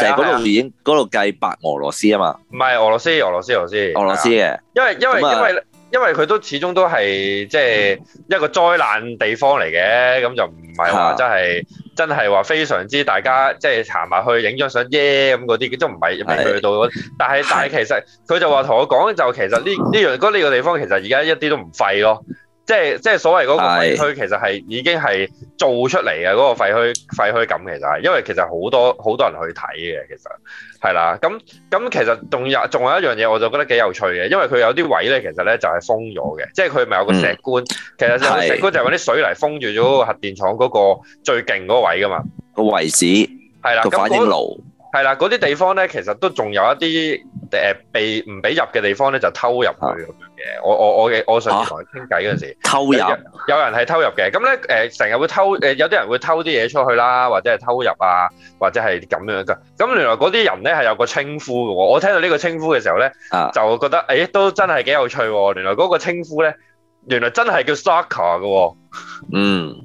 S1: 但係嗰度已經
S2: 嗰度計白俄羅斯啊嘛。
S1: 唔係俄羅斯，俄羅斯，俄羅斯，啊、俄羅斯嘅。因為因為因為。因為佢都始終都係即係一個災難的地方嚟嘅，咁就唔係話真係真係話非常之大家即係行埋去影張相，耶咁嗰啲，都唔係未去到是。但係但係其實佢就話同我講，就其實呢呢樣呢個地方其實而家一啲都唔廢咯。即係即係所謂嗰個，那個廢墟，其實係已經係做出嚟嘅嗰個廢墟廢墟感其實係，因為其實好多好多人去睇嘅其實係啦，咁咁其實仲有仲有一樣嘢我就覺得幾有趣嘅，因為佢有啲位咧其實咧就係、是、封咗嘅，即係佢咪有個石棺，嗯、其實石棺就係啲水泥封住咗個核電廠嗰個最勁嗰個位噶嘛，個位置係啦，那個反應爐係啦、啊，嗰啲地方咧，其實都仲有一啲誒、呃，被唔俾入嘅地方咧，就偷入去咁樣嘅。我我我嘅我上次同佢傾偈嗰陣時、啊，偷入，有，有人係偷入嘅。咁咧，誒、呃，成日會偷，誒、呃，有啲人會偷啲嘢出去啦，或者係偷入啊，或者係咁樣噶。咁原來嗰啲人咧係有個稱呼嘅。我聽到呢個稱呼嘅時候咧、啊，就覺得誒、欸，都真係幾有趣。原來嗰個稱呼咧，原來真係叫 stalker 嘅。嗯，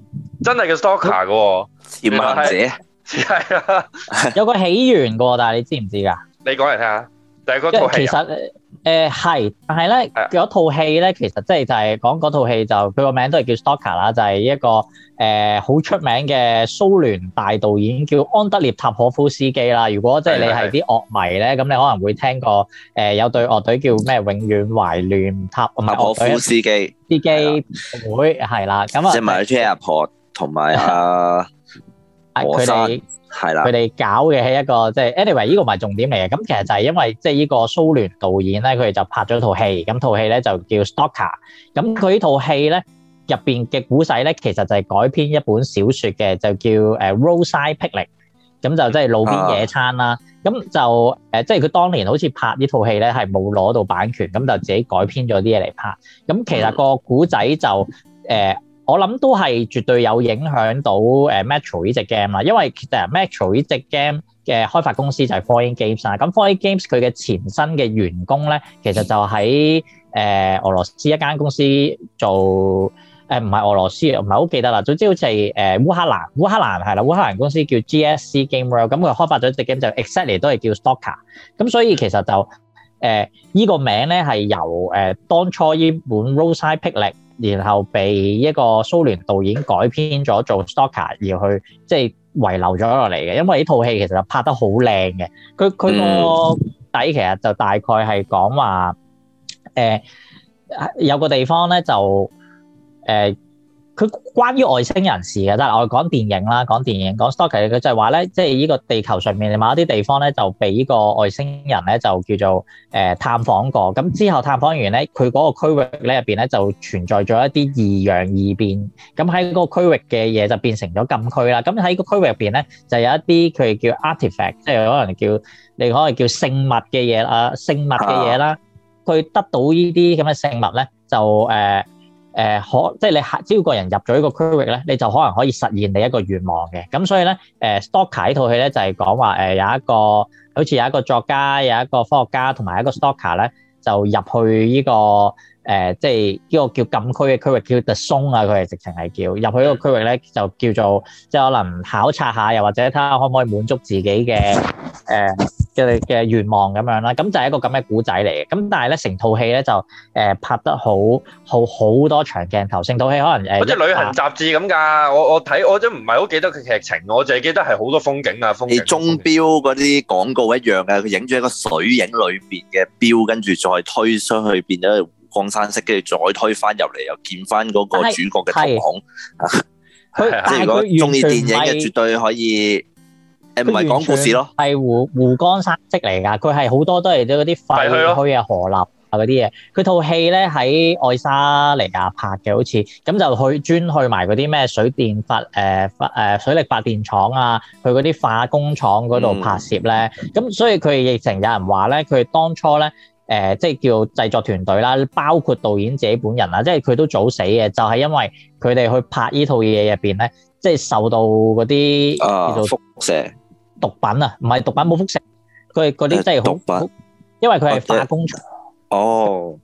S1: 真係叫 stalker 嘅，潛、嗯
S3: 係啊，有個起源噶，但係你知唔知噶？
S1: [laughs] 你講嚟聽下，就係嗰套其實
S3: 誒係，但係咧有一套戲咧，其實即係、呃、就係講嗰套戲就佢、是、個名都係叫 Stalker 啦，就係一個誒好出名嘅蘇聯大導演叫安德烈塔可夫斯基啦。如果即係你係啲樂迷咧，咁你可能會聽過誒、呃、有對樂隊叫咩永遠懷念塔可夫斯基？不斯基會係啦，咁啊埋同埋啊。 [laughs] 佢哋係啦，佢哋搞嘅係一個即係，anyway 呢個唔係重點嚟嘅。咁其實就係因為即係呢個蘇聯導演咧，佢哋就拍咗套戲，咁套戲咧就叫 Stalker。咁佢呢套戲咧入邊嘅古仔咧，其實就係改編一本小說嘅，就叫誒 Roadside Picnic。咁就即係路邊野餐啦。咁、啊、就誒，即係佢當年好似拍呢套戲咧，係冇攞到版權，咁就自己改編咗啲嘢嚟拍。咁其實個古仔就誒。嗯我諗都係絕對有影響到誒 Metro 呢隻 game 啦，因為其實 Metro 呢隻 game 嘅開發公司就係 4A Games 啦。咁 4A Games 佢嘅前身嘅員工咧，其實就喺誒俄羅斯一間公司做誒，唔係俄羅斯，唔係好記得啦。總之好似係誒烏克蘭，烏克蘭係啦，烏克蘭公司叫 GSC Game World，咁佢開發咗隻 game 就 exactly 都係叫 Stalker。咁所以其實就誒依個名咧係由誒當初依本 Roadside Picnic。，然後被一個蘇聯導演改編咗做 Stalker，佢關於外星人士嘅，但係我哋講電影啦，講電影講 Stalker 佢就係話咧，即係呢個地球上面某一啲地方咧，就俾呢個外星人咧就叫做、呃、探訪過。咁之後探訪完咧，佢嗰個區域咧入面咧就存在咗一啲異樣異變。咁喺嗰個區域嘅嘢就變成咗禁區啦。咁喺個區域入面咧就有一啲佢叫 artifact，即係可能叫你可以叫聖物嘅嘢啊，聖物嘅嘢啦。佢得到呢啲咁嘅聖物咧，就、呃誒、呃、可即係你只要個人入咗呢個區域咧，你就可能可以實現你一個願望嘅。咁所以咧，誒、呃、Stalker 呢套戲咧就係、是、講話、呃、有一個好似有一個作家、有一個科學家同埋一個 Stalker 咧，就入去呢、這個誒、呃、即係呢個叫禁區嘅區域，叫 The Zone 啊，佢係直情係叫入去呢個區域咧，就叫做即係可能考察下，又或者睇下可唔可以滿足自己嘅誒。呃嘅嘅願望咁樣啦，咁就係一個咁嘅古仔嚟嘅。咁但係咧，成套戲咧就誒、呃、拍得好好好多長鏡頭，成套戲可能誒好似旅行雜
S1: 誌咁㗎、啊。我我睇我都唔係好記得個劇情，我淨係記得係好多風景啊，風景。係鐘錶
S2: 嗰啲廣告一樣嘅，佢影咗一個水影裏邊嘅錶，跟住再推出去變咗湖光山色，跟住再推翻入嚟又見翻嗰個主角嘅瞳孔。即係 [laughs] 他 [laughs] [laughs] 如果中意電影嘅，絕對可以。佢唔係講故事咯，
S3: 係湖湖江山色嚟㗎。佢係好多都係都嗰啲廢墟啊、河立啊嗰啲嘢。佢套戲咧喺愛沙尼亞拍嘅，好似咁就去專去埋嗰啲咩水電發誒發誒水力發電廠啊，去嗰啲化工廠嗰度拍攝咧。咁、嗯、所以佢亦成，有人話咧，佢當初咧誒、呃，即係叫製作團隊啦，包括導演自己本人啦，即係佢都早死嘅，就係、是、因為佢哋去拍依套嘢入邊咧，即係受到嗰啲叫做輻射。啊毒品啊，唔係毒品冇輻射，佢嗰啲真係好毒，因為佢係化工廠。哦，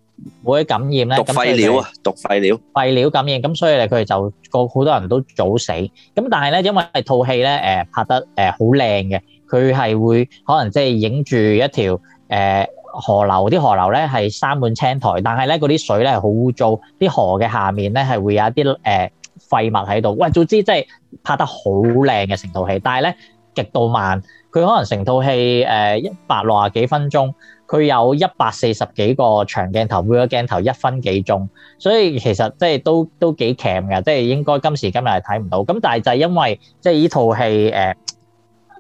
S3: 冇得感染咧。廢料啊，毒廢料，廢料感染咁，所以咧佢哋就個好多人都早死。咁但係咧，因為套戲咧誒拍得誒好靚嘅，佢係會可能即係影住一條誒河流，啲河流咧係生滿青苔，但係咧嗰啲水咧係好污糟，啲河嘅下面咧係會有一啲誒廢物喺度。喂，早知即係拍得好靚嘅成套戲，但係咧。極度慢，佢可能成套戲誒一百六十幾分鐘，佢有一百四十幾個長鏡頭，每個鏡頭一分幾鐘，所以其實即係都都幾 cam 嘅，即係應該今時今日係睇唔到。咁但係就係因為即係呢套戲誒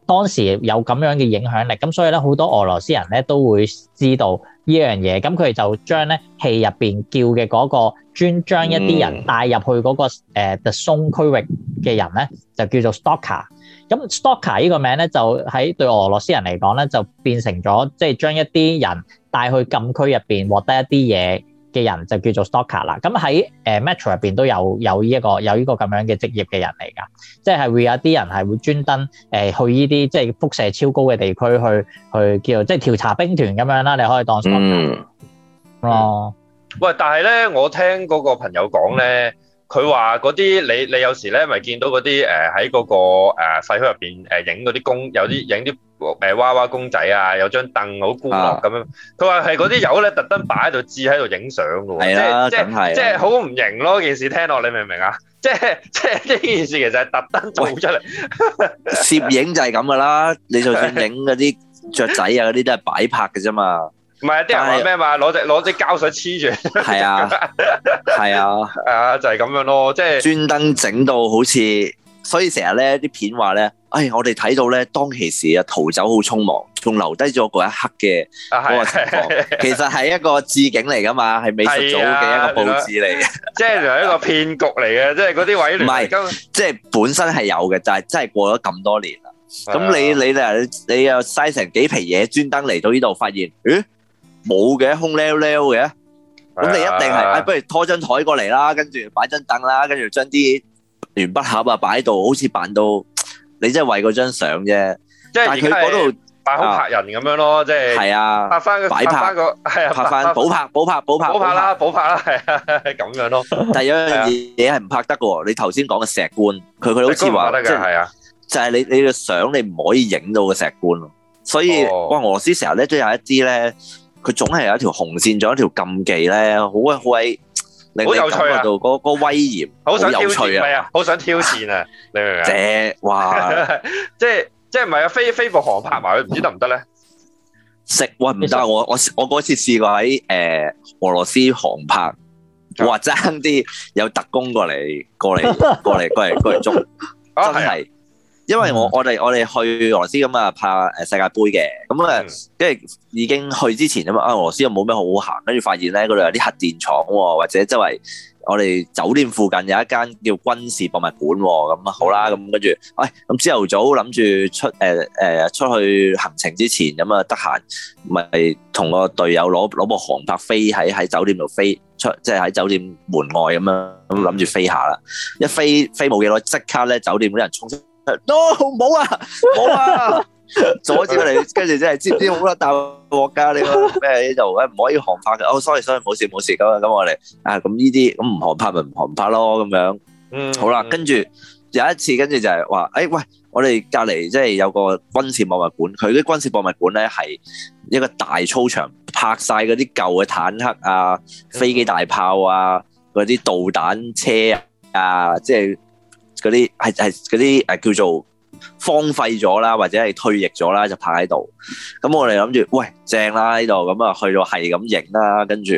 S3: 當時有咁樣嘅影響力，咁所以咧好多俄羅斯人咧都會知道呢樣嘢，咁佢哋就將咧戲入邊叫嘅嗰個專將一啲人帶入去嗰個誒 The Zone 區域嘅人咧，就叫做 Stalker。咁 Stalker 呢個名咧，就喺對俄羅斯人嚟講咧，就變成咗即係將一啲人帶去禁區入面，獲得一啲嘢嘅人，就叫做 Stalker 啦。咁喺 Metro 入面都有有依、這、一個有依個咁樣嘅職業嘅人嚟㗎，即、就、係、是、會有啲人係會專登誒去呢啲即係輻射超高嘅地區去去叫即係、就是、調查兵團咁樣啦。你可以當 Stalker 咯、嗯嗯。
S1: 喂，但係咧，我聽嗰個朋友講咧。嗯佢話嗰啲你你有時咧，咪見到嗰啲誒喺嗰個誒廢墟入邊誒影嗰啲公有啲影啲誒娃娃公仔啊，有張凳好孤落咁樣。佢話係嗰啲友咧特登擺喺度置喺度影相嘅喎。係、啊、即係、啊、即係好唔型咯！件事聽落你明唔明啊？即係即係呢件事其實係特登做出嚟。
S2: [laughs] 攝影就係咁噶啦，你就算影嗰啲雀仔啊嗰啲都係擺拍嘅啫嘛。
S1: 唔係，啲人話咩嘛？攞隻攞隻膠水黐住。係啊，係 [laughs] 是啊， [laughs] 係啊就係、是、咁樣咯、啊，即係專登整到
S2: 好似，所以成日咧啲片話咧，哎，我哋睇到咧當其時啊逃走好匆忙，仲留低咗嗰一刻嘅嗰個情況、啊啊啊，其實係一個置景嚟噶嘛，係美術組嘅一個布置嚟
S1: 嘅，啊、 [laughs] 即係一個騙局嚟嘅，即係嗰啲位唔係，
S2: 即係本身係有嘅，就係真係過咗咁多年啦。咁、啊、你
S1: 你啊你又
S2: 嘥成幾皮嘢，專登嚟到呢度發現，嗯？冇嘅，空溜溜嘅，咁、啊、你一定係、哎，不如拖張台過嚟啦，跟住擺張凳啦，跟住將啲鉛筆盒啊擺到，好似扮到你真係為嗰張相啫。但係佢嗰度
S1: 擺好拍人咁樣咯，即係拍啊，拍翻個，啊，拍翻補拍、就是拍，啊、拍，拍，補拍，拍，補拍，補拍啦，補拍啦，係啊，咁 [laughs] 樣咯。但係有
S2: 樣嘢係唔拍得嘅，
S1: 你頭先講嘅
S2: 石棺，佢佢好似話即係，就係、是啊就是、你你嘅相你唔可以影到個石棺，所以，哇、哦，俄羅斯成日咧都有一啲咧。佢總係有一條紅線，仲有一條禁忌咧，好鬼好鬼，令你感覺到嗰嗰威嚴，好想有趣啊，好、那個想，
S1: 啊啊、想挑戰啊！你明唔
S2: 明啊？
S1: 即係，即係，即係唔係啊？飛飛部航拍埋
S2: 去，唔知得唔得咧？食喂唔得！我我我嗰次試過喺誒、呃、俄羅斯航拍，我話爭啲有特工過嚟過嚟 [laughs] 過嚟過嚟過嚟捉，okay. 真係。因為我我哋我哋去俄羅斯咁啊，拍誒世界盃嘅咁啊，即、嗯、係、嗯、已經去之前啊啊，俄羅斯又冇咩好行，跟住發現咧，嗰度有啲核電廠、哦，或者周圍我哋酒店附近有一間叫軍事博物館咁啊，好啦咁，跟住喂咁朝頭早諗住出誒誒、呃呃、出去行程之前咁啊，得閒咪同個隊友攞攞部航拍飛喺喺酒店度飛出，即係喺酒店門外咁啊，諗住飛下啦。一飛飛冇幾耐，即刻咧酒店嗰啲人沖。都好冇啊，好啊， [laughs] 阻住佢哋，跟住真係知唔知好啦、啊？但係國家你個咩就咧唔可以航拍嘅。哦、 [laughs] oh, sorry sorry，冇事冇事，咁啊咁我哋啊咁呢啲咁唔航拍咪唔航拍咯，咁樣嗯好啦。跟住有一次，跟住就係話誒喂，我哋隔籬即係有個軍事博物館，佢啲軍事博物館咧係一個大操場，拍晒嗰啲舊嘅坦克啊、嗯、飛機大炮啊、嗰啲導彈車啊，即、就、係、是。嗰啲係係啲誒叫做荒廢咗啦，或者係退役咗啦，就拍喺度。咁我哋諗住，喂正啦呢度，咁啊去到係咁影啦，跟住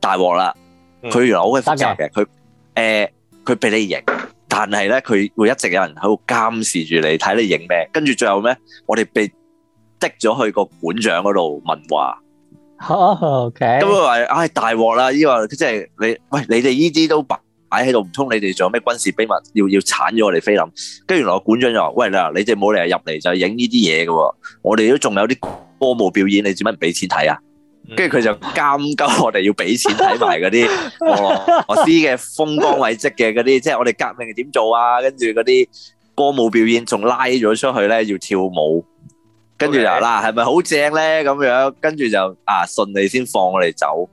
S2: 大鑊啦。佢、嗯、原來好鬼複雜嘅，佢誒佢俾你影，但係咧佢會一直有人喺度監視住你，你，睇你影咩。跟住最後咩？我哋被逼咗去個館長嗰度問話。
S3: O K。咁佢
S2: 話：，唉大鑊啦，呢、呢個即係你，喂你哋呢啲都白。擺喺度唔通你哋仲有咩軍事秘密要，要鏟咗我哋菲林？跟住原來我館長就話：，喂啦，你哋冇理由入嚟就影呢啲嘢嘅，我哋都仲有啲歌舞表演，你做乜唔俾錢睇啊？跟住佢就監監我哋要俾錢睇埋嗰啲俄俄羅斯嘅風光偉績嘅嗰啲，即 [laughs] 係我哋革命點做啊？跟住嗰啲歌舞表演仲拉咗出去咧，要跳舞，跟住就嗱，係咪好正咧？咁樣跟住就啊，順利先放我哋走。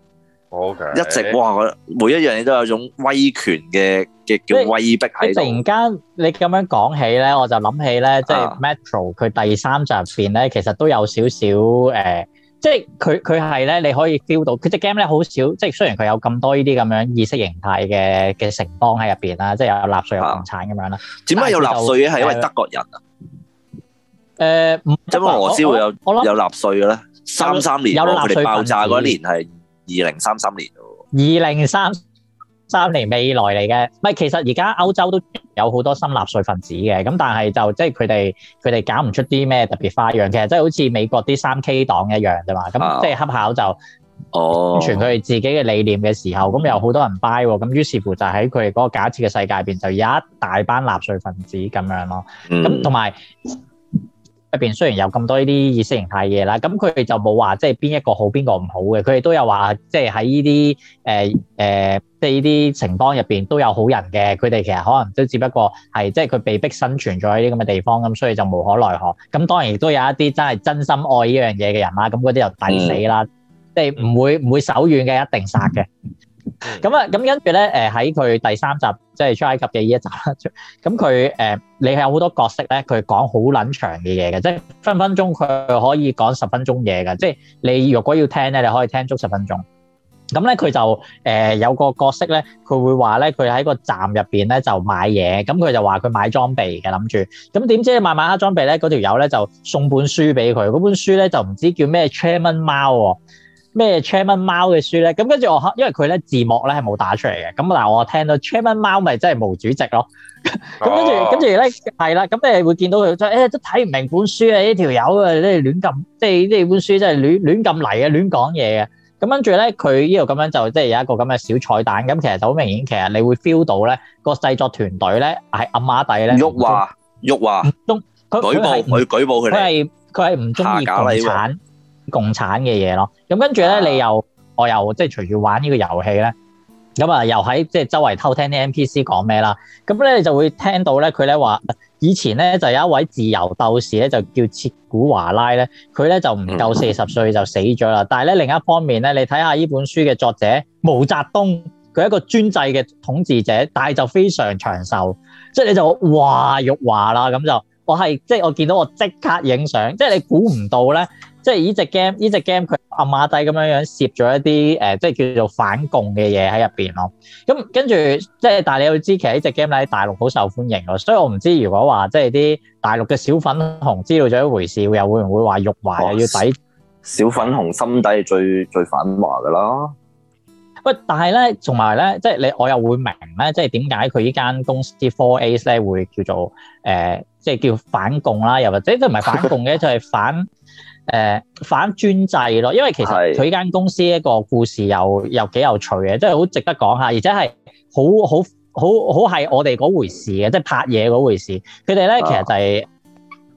S2: O、okay. K，一直哇，每一樣嘢都有種威權嘅嘅叫威逼喺度。你突
S3: 然間你咁樣講起咧，我就諗起咧，即、就、係、是、Metro 佢第三集入邊咧，其實都有少少誒，即係佢佢係咧，你可以 feel 到佢隻 game 咧好少，即係雖然佢有咁多呢啲咁樣意識形態嘅嘅城邦喺入邊啦，即係有納粹有共產咁樣啦。點、啊、解有納粹嘅係因為德國人啊？誒、呃，點解俄羅斯會有有
S2: 納粹嘅咧？三三年佢哋爆炸嗰年係。二零三三年，
S3: 二零三三年未來嚟嘅，唔係其實而家歐洲都有好多新納粹分子嘅，咁但係就即係佢哋佢哋搞唔出啲咩特別花樣，其實即係好似美國啲三 K 黨一樣啫嘛，咁、啊、即係恰巧就哦，宣傳佢哋自己嘅理念嘅時候，咁又好多人 buy 喎，咁於是乎就喺佢哋嗰個假設嘅世界入邊，就有一大班納粹分子咁樣咯，咁同埋。嗯入邊雖然有咁多呢啲意識形態嘢啦，咁佢哋就冇話即係邊一個好邊個唔好嘅，佢哋都有話即係喺呢啲誒誒，即係呢啲情況入邊都有好人嘅，佢哋其實可能都只不過係即係佢被逼生存咗喺呢啲咁嘅地方，咁所以就無可奈何。咁當然亦都有一啲真係真心愛呢樣嘢嘅人啦，咁嗰啲就抵死啦，即係唔會唔會手軟嘅，一定殺嘅。咁啊，咁跟住咧，喺佢第三集，即係《出埃及》嘅呢一集啦。咁佢、呃、你係有好多角色咧，佢講好撚長嘅嘢嘅，即係分分鐘佢可以講十分鐘嘢嘅。即係你如果要聽咧，你可以聽足十分鐘。咁咧，佢、呃、就有個角色咧，佢會話咧，佢喺個站入邊咧就買嘢，咁佢就話佢買裝備嘅，諗住。咁點知買買下裝備咧，嗰條友咧就送本書俾佢，嗰本書咧就唔知叫咩 Chairman Mao 喎。咩 Chairman Mao 嘅書咧？咁跟住我，因為佢咧字幕咧係冇打出嚟嘅。咁嗱，我聽到 Chairman Mao 咪真係毛主席咯。咁跟住跟住咧係啦。咁你會見到佢即係都睇唔明本書啊！呢條友啊，即係亂咁，即係呢本書真係亂亂咁嚟啊，亂講嘢嘅。咁跟住咧，佢呢度咁樣就即係有一個咁嘅小彩蛋。咁其實好明顯，其實你會 feel 到咧、個製作團隊咧係暗啞底咧。喐啊
S2: 喐啊！中舉報佢，舉報佢哋。佢係
S3: 佢係唔中意國產，共產嘅嘢咯，咁跟住咧，你又我又即係隨住玩呢個遊戲咧，咁啊又喺即係周圍偷聽啲 NPC 講咩啦，咁咧你就會聽到咧佢咧話，以前咧就有一位自由鬥士咧就叫切古華拉咧，佢咧就唔夠四十歲就死咗啦，但係咧另一方面咧，你睇下呢本書嘅作者毛澤東，佢係一個專制嘅統治者，但係就非常長壽，即係你就哇辱華啦咁就，我係即係我見到我即刻影相，即係你估唔到咧。即係呢隻 game 呢隻 game 佢暗啞底咁樣樣攝咗一啲誒、呃，即係叫做反共嘅嘢喺入邊咯。咁、嗯、跟住即係，但係你又知其實呢隻 game 喺大陸好受歡迎咯。所以我唔知道如果話即係啲大陸嘅小粉紅知道咗一回事，又會唔會話辱華啊？要抵
S2: 小粉紅心底最最反華噶啦。
S3: 喂，但係咧，同埋咧，即係你我又會明咧，即係點解佢呢間公司啲 Four As 咧會叫做誒、呃，即係叫反共啦，又或者即唔係反共嘅，就係反。誒、呃、反專制咯，因為其實佢間公司一個故事又又幾有趣嘅，即係好值得講下，而且係好好好好係我哋嗰回事嘅，即係拍嘢嗰回事。佢哋咧其實就係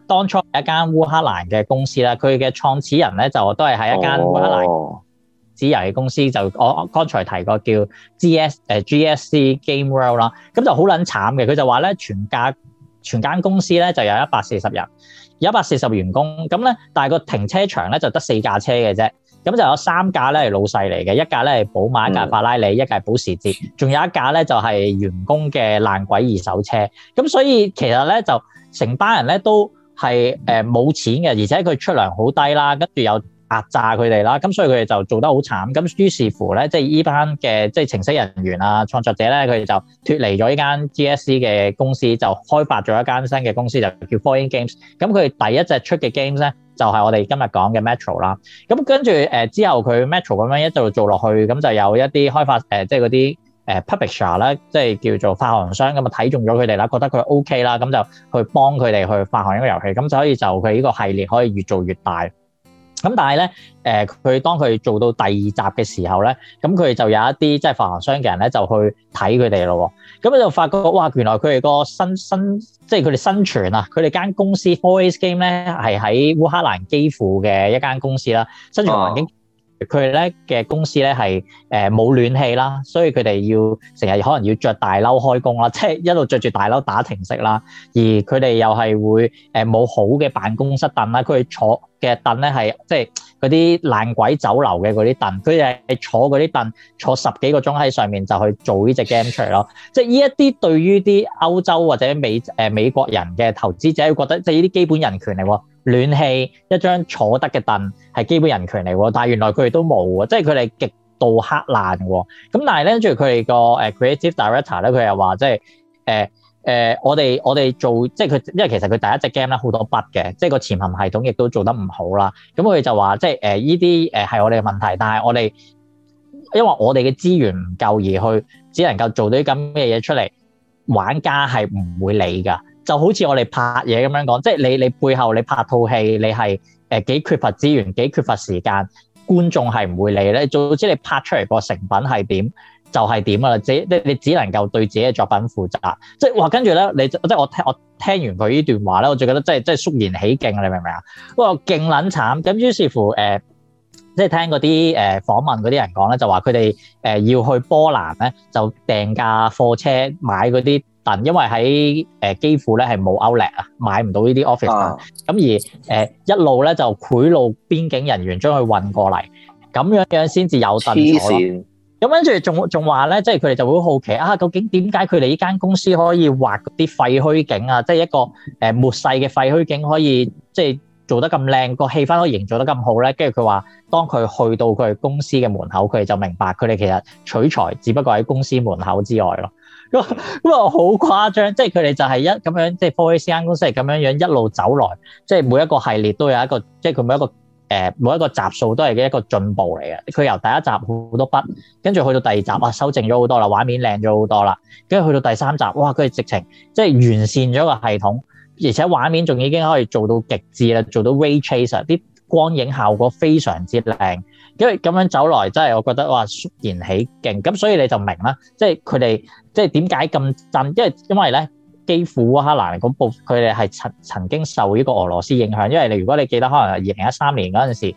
S3: 當初係一間烏克蘭嘅公司啦，佢嘅創始人咧就都係喺一間烏克蘭紙遊戲公司、哦，就我剛才提過叫 G S G S C Game World 啦，咁就好撚慘嘅，佢就話咧全家。全間公司咧就有一百四十人，有一百四十員工咁咧，但係個停車場咧就得四架車嘅啫，咁就有三架咧係老細嚟嘅，一架咧係寶馬，一架法拉利，一架係保時捷，仲有一架咧就係員工嘅爛鬼二手車，咁所以其實咧就成班人咧都係誒冇錢嘅，而且佢出糧好低啦，跟住又。壓榨佢哋啦，咁所以佢哋就做得好慘。咁於是乎咧，即係呢班嘅即係程式人員啊、創作者咧，佢哋就脫離咗呢間 GSC 嘅公司，就開發咗一間新嘅公司，就叫 4A Games。咁佢第一隻出嘅 games 咧，就係我哋今日講嘅 Metro 啦。咁跟住誒之後，佢 Metro 咁樣一度做落去，咁就有一啲開發誒即係嗰啲 publisher 啦，即係叫做發行商咁啊，睇中咗佢哋啦，覺得佢 OK 啦，咁就去幫佢哋去發行一個遊戲。咁所以就佢呢個系列可以越做越大。咁但係咧，誒、呃、佢當佢做到第二集嘅時候咧，咁佢就有一啲即係發行商嘅人咧，就去睇佢哋咯。咁佢就發覺哇，原來佢哋個生生，即係佢哋生存啊！佢哋間公司 4A Games 咧，係、嗯、喺烏克蘭基輔嘅一間公司啦。生存環境佢哋咧嘅公司咧係冇暖氣啦，所以佢哋要成日可能要着大褸開工啦，即係一路着住大褸打停息啦。而佢哋又係會冇、呃、好嘅辦公室凳啦，佢哋坐。嘅凳咧，係即係嗰啲爛鬼酒樓嘅嗰啲凳，佢哋係坐嗰啲凳坐十幾個鐘喺上面，就去做呢隻 game 出嚟咯。即係呢一啲對於啲歐洲或者美誒、呃、美國人嘅投資者，覺得即係呢啲基本人權嚟喎，暖氣、一張坐得嘅凳係基本人權嚟喎。但係原來佢哋都冇喎，即係佢哋極度黑爛喎。咁但係咧，跟住佢哋個 creative director 咧，佢又話即係誒誒、呃，我哋我哋做即係佢，因為其實佢第一隻 game 咧好多 bug 嘅，即係個潛行系統亦都做得唔好啦。咁佢就話，即係呢啲誒係我哋嘅問題，但係我哋因為我哋嘅資源唔夠而去，只能夠做到啲咁嘅嘢出嚟，玩家係唔會理噶。就好似我哋拍嘢咁樣講，即係你你背後你拍套戲，你係誒幾缺乏資源，幾缺乏時間，觀眾係唔會理咧。總之你拍出嚟個成品係點？就係點㗎啦？你你只能夠對自己嘅作品負責啦。即係哇，跟住咧，你即我聽我聽完佢呢段話咧，我最覺得真係真係肅然起敬啊！你明唔明啊？不過，勁撚慘！咁於是乎誒，即係聽嗰啲誒訪問嗰啲人講咧，就話佢哋要去波蘭咧，就訂價貨車買嗰啲凳，因為喺誒基輔咧係冇 Outlet 啊，買唔到呢啲 office 啊。咁、呃、而一路咧就賄賂邊境人員將佢運過嚟，咁樣樣先至有凳咗。咁跟住仲仲話咧，即係佢哋就會好奇啊，究竟點解佢哋呢間公司可以畫啲廢墟景啊？即係一個誒末世嘅廢墟景可以即係做得咁靚，個氣氛可以營造得咁好咧？跟住佢話，當佢去到佢公司嘅門口，佢哋就明白佢哋其實取材只不過喺公司門口之外咯。咁 [laughs] 啊，咁啊，好誇張！即係佢哋就係一咁樣，即係科威斯間公司係咁樣樣一路走來，即係每一個系列都有一個，即係佢每一個。誒每一個集數都係嘅一個進步嚟嘅，佢由第一集好多筆，跟住去到第二集啊，修正咗好多啦，畫面靚咗好多啦，跟住去到第三集，哇！佢係直情即係完善咗個系統，而且畫面仲已經可以做到極致啦，做到 ray tracing，啲光影效果非常之靚，因為咁樣走來真係我覺得哇，肅然起敬，咁所以你就明啦，即係佢哋即係點解咁震，因為因為咧。基輔烏克蘭嗰部，佢哋係曾曾經受呢個俄羅斯影響，因為你如果你記得，可能二零一三年嗰陣時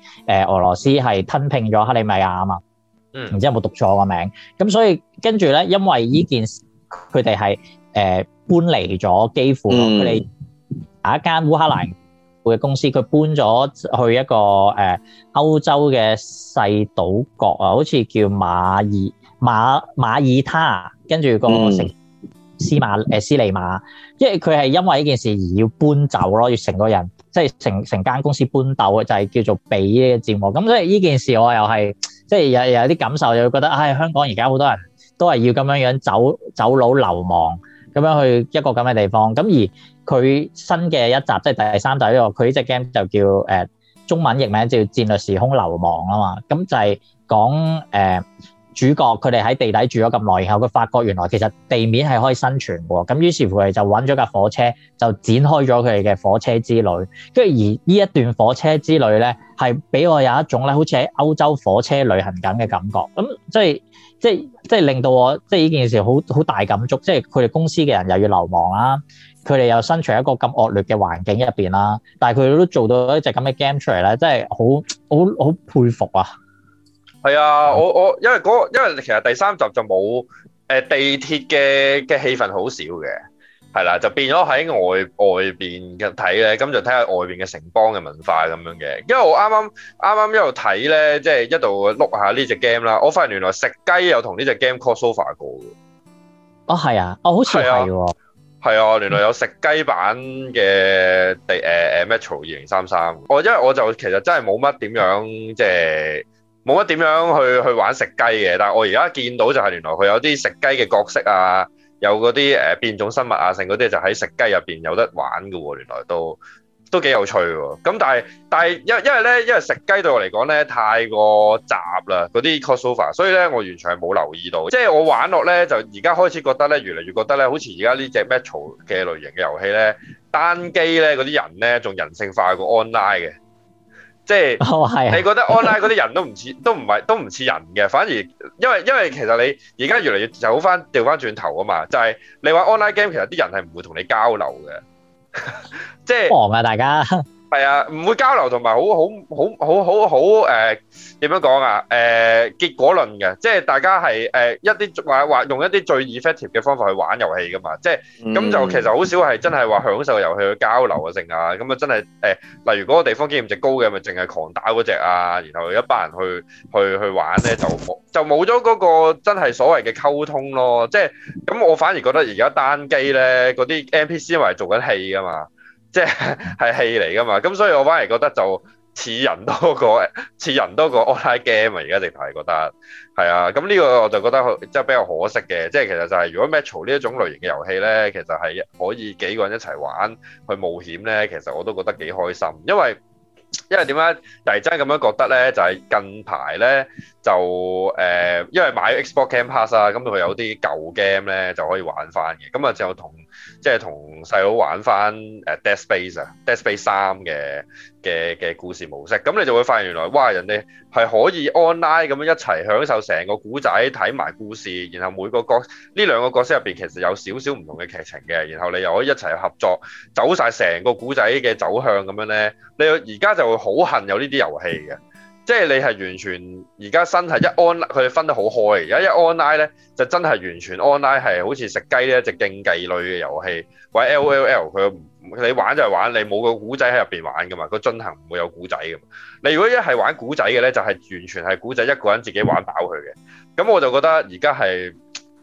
S3: 候，俄羅斯係吞併咗克里米亞啊嘛，嗯，唔知有冇讀錯個名？咁所以跟住咧，因為呢件事，佢哋係誒搬離咗基輔，佢哋有一間烏克蘭嘅公司，佢、嗯、搬咗去一個誒、呃、歐洲嘅細島國啊，好似叫馬爾馬馬爾他，跟住個城市。嗯斯馬誒斯利馬，即係佢係因為呢件事而要搬走咯，要成個人即係成成間公司搬走，就係、是、叫做畀呢個節目。咁所以呢件事我又係即係有有啲感受，又覺得唉、哎，香港而家好多人都係要咁樣樣走走佬流亡咁樣去一個咁嘅地方。咁而佢新嘅一集即係第三集呢喎，佢呢隻 game 就叫誒、呃、中文譯名叫《戰慄深隧：流亡》啊嘛。咁就係講誒。呃主角佢哋喺地底住咗咁耐，然後佢發覺原來其實地面係可以生存嘅喎，咁於是乎佢哋就揾咗架火車，就展開咗佢哋嘅火車之旅。跟住而呢一段火車之旅咧，係俾我有一種咧，好似喺歐洲火車旅行緊嘅感覺。咁即係即係即係令到我即係呢件事好好大感觸。即係佢哋公司嘅人又要流亡啦，佢哋又生存喺一個咁惡劣嘅環境入邊啦，但係佢哋都做到一隻咁嘅 game 出嚟咧，真係好好好佩服啊！
S1: 係啊，我我因為嗰個，因為其實第三集就冇誒，地鐵嘅嘅氣氛好少嘅，係啦，就變咗喺外外邊嘅睇咧，咁就睇下外邊嘅城邦嘅文化咁樣嘅。因為我啱啱啱啱一路睇咧，即係一度碌下呢隻 game 啦，我發現原來食雞又同呢隻 game cross over 過嘅。
S3: 哦，係啊，哦，好似係喎，係
S1: 啊，原來有食雞版嘅地誒誒 Metro2033。我因為我就其實真係冇乜點樣即係。冇乜點樣去去玩食雞嘅，但我而家見到就係原來佢有啲食雞嘅角色啊，有嗰啲誒變種生物啊，剩嗰啲就喺食雞入面有得玩嘅喎、啊，原來都都幾有趣喎、啊。咁但係但係因因為咧，因為食雞對我嚟講咧太過雜啦，嗰啲 crossover 所以咧我完全係冇留意到。即係我玩落咧，就而家開始覺得咧，越嚟越覺得咧，好似而家呢隻 Metro 嘅類型嘅遊戲咧，單機咧嗰啲人咧仲人性化過 online 嘅。即係，你覺得 online 嗰啲人都唔似， [laughs] 都唔係，都唔似人嘅。反而，因為因為其實你而家越嚟越走翻，掉翻轉頭啊嘛。就係、是、你話 online game，其實啲人係唔會同你交流嘅。
S3: 即係忙啊，大家。.
S1: 係啊，唔會交流，同埋好好好好好好好誒，點樣講啊？誒，結果論嘅，即係大家係誒一啲話話用一啲最 effective 嘅方法去玩遊戲噶嘛，即係咁，就其實好少係真係話享受遊戲去交流啊，成啊咁啊，真係誒，例如嗰個地方經驗值高嘅咪淨係狂打嗰隻啊，然後一班人去去去玩咧，就冇就冇咗嗰個真係所謂嘅溝通咯，即係咁我反而覺得而家單機咧，嗰啲 NPC 咪做緊戲噶嘛。即係係戲嚟噶嘛，咁所以我反而覺得就似人多過似人多過 online game 啊！而家直頭係覺得係啊，咁呢個我就覺得即係比較可惜嘅，即係其實就係如果 metro 呢一種類型嘅遊戲咧，其實係可以幾個人一齊玩去冒險咧，其實我都覺得幾開心，因為。因為點解？就係真係咁樣覺得咧，就係、是、近排咧就誒、呃，因為買咗 Xbox Game Pass 啊，咁佢有啲舊 game 咧就可以玩翻嘅。咁啊就同即係同細佬玩翻誒 Dead Space 啊，Dead Space 三嘅。嘅嘅故事模式，咁你就會發現原來，哇！人哋係可以 online 咁樣一齊享受成個古仔，睇埋故事，然後每個角呢，兩個角色入邊其實有少少唔同嘅劇情嘅，然後你又可以一齊合作走曬成個古仔嘅走向咁樣咧。你而家就會好恨有呢啲遊戲嘅，即係你係完全而家新係一 online，佢哋分得好開，而家一 online 咧就真係完全 online 係好似食雞呢一隻競技類嘅遊戲，或者 LOL 佢唔。你玩就係玩，你冇個古仔喺入邊玩噶嘛？個進行唔會有古仔噶。你如果一係玩古仔嘅咧，就係、是、完全係古仔一個人自己玩飽佢嘅。咁我就覺得而家係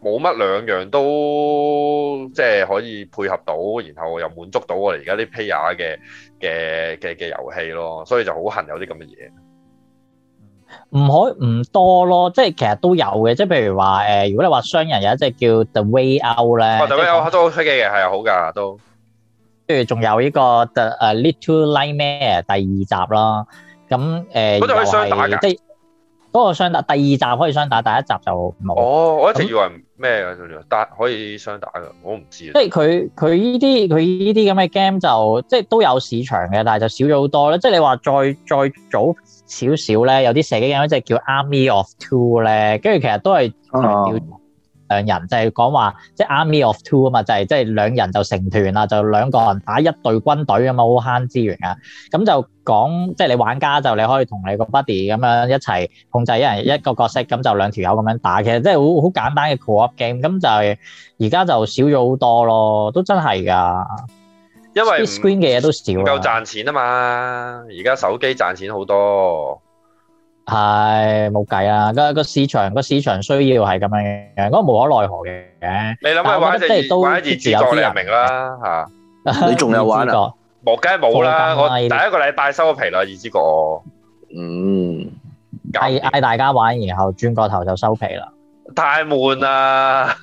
S1: 冇乜兩樣都即係、就是、可以配合到，然後又滿足到我哋而家啲 player 嘅嘅嘅嘅遊戲咯。所以就好幸有啲咁嘅嘢。
S3: 唔可唔多咯，即係其實都有嘅。即係譬如話誒、呃，如果你話雙人有一隻叫 The Way Out 咧，The Way Out
S1: 都好機嘅，係好噶都。
S3: 跟住仲有呢個 Little Nightmares 第二集啦，咁誒。嗰、呃、度可以雙打嘅，即係嗰個雙打第二集可以雙打，第一集就唔好。
S1: 哦，我一直以為咩嘅但可以雙打嘅，我唔知道這些這些。即係佢
S3: 佢呢啲佢呢啲咁嘅 game 就即係都有市場嘅，但係就少咗好多啦。即係你話再再早少少咧，有啲射擊 game 即係叫 Army of Two 咧，跟住其實都係兩人就係講話，即係 Army of Two 啊嘛，就係即係兩人就成團啦，就兩個人打一隊軍隊咁啊，好慳資源啊。咁就講，即係你玩家就你可以同你個 buddy 咁樣一齊控制一人一個角色，咁就兩條友咁樣打。其實即係好好簡單嘅 Co-op game，咁就係而家就少咗好多咯，都真係噶。因為唔 screen 嘅嘢,都少，夠
S1: 賺錢啊嘛。而家手機賺錢好
S3: 多。係冇計啊。個市場、個市場需要係咁樣嘅，我、那個、無可奈何嘅。你諗下玩即係都自有啲人明啦，
S1: 吓 [laughs] 你仲有玩啊？梗係冇啦，我第一個禮拜收咗皮啦，二之過。
S3: 嗯，嗌嗌大家玩，然後轉個頭就收皮啦，
S1: 太悶啦，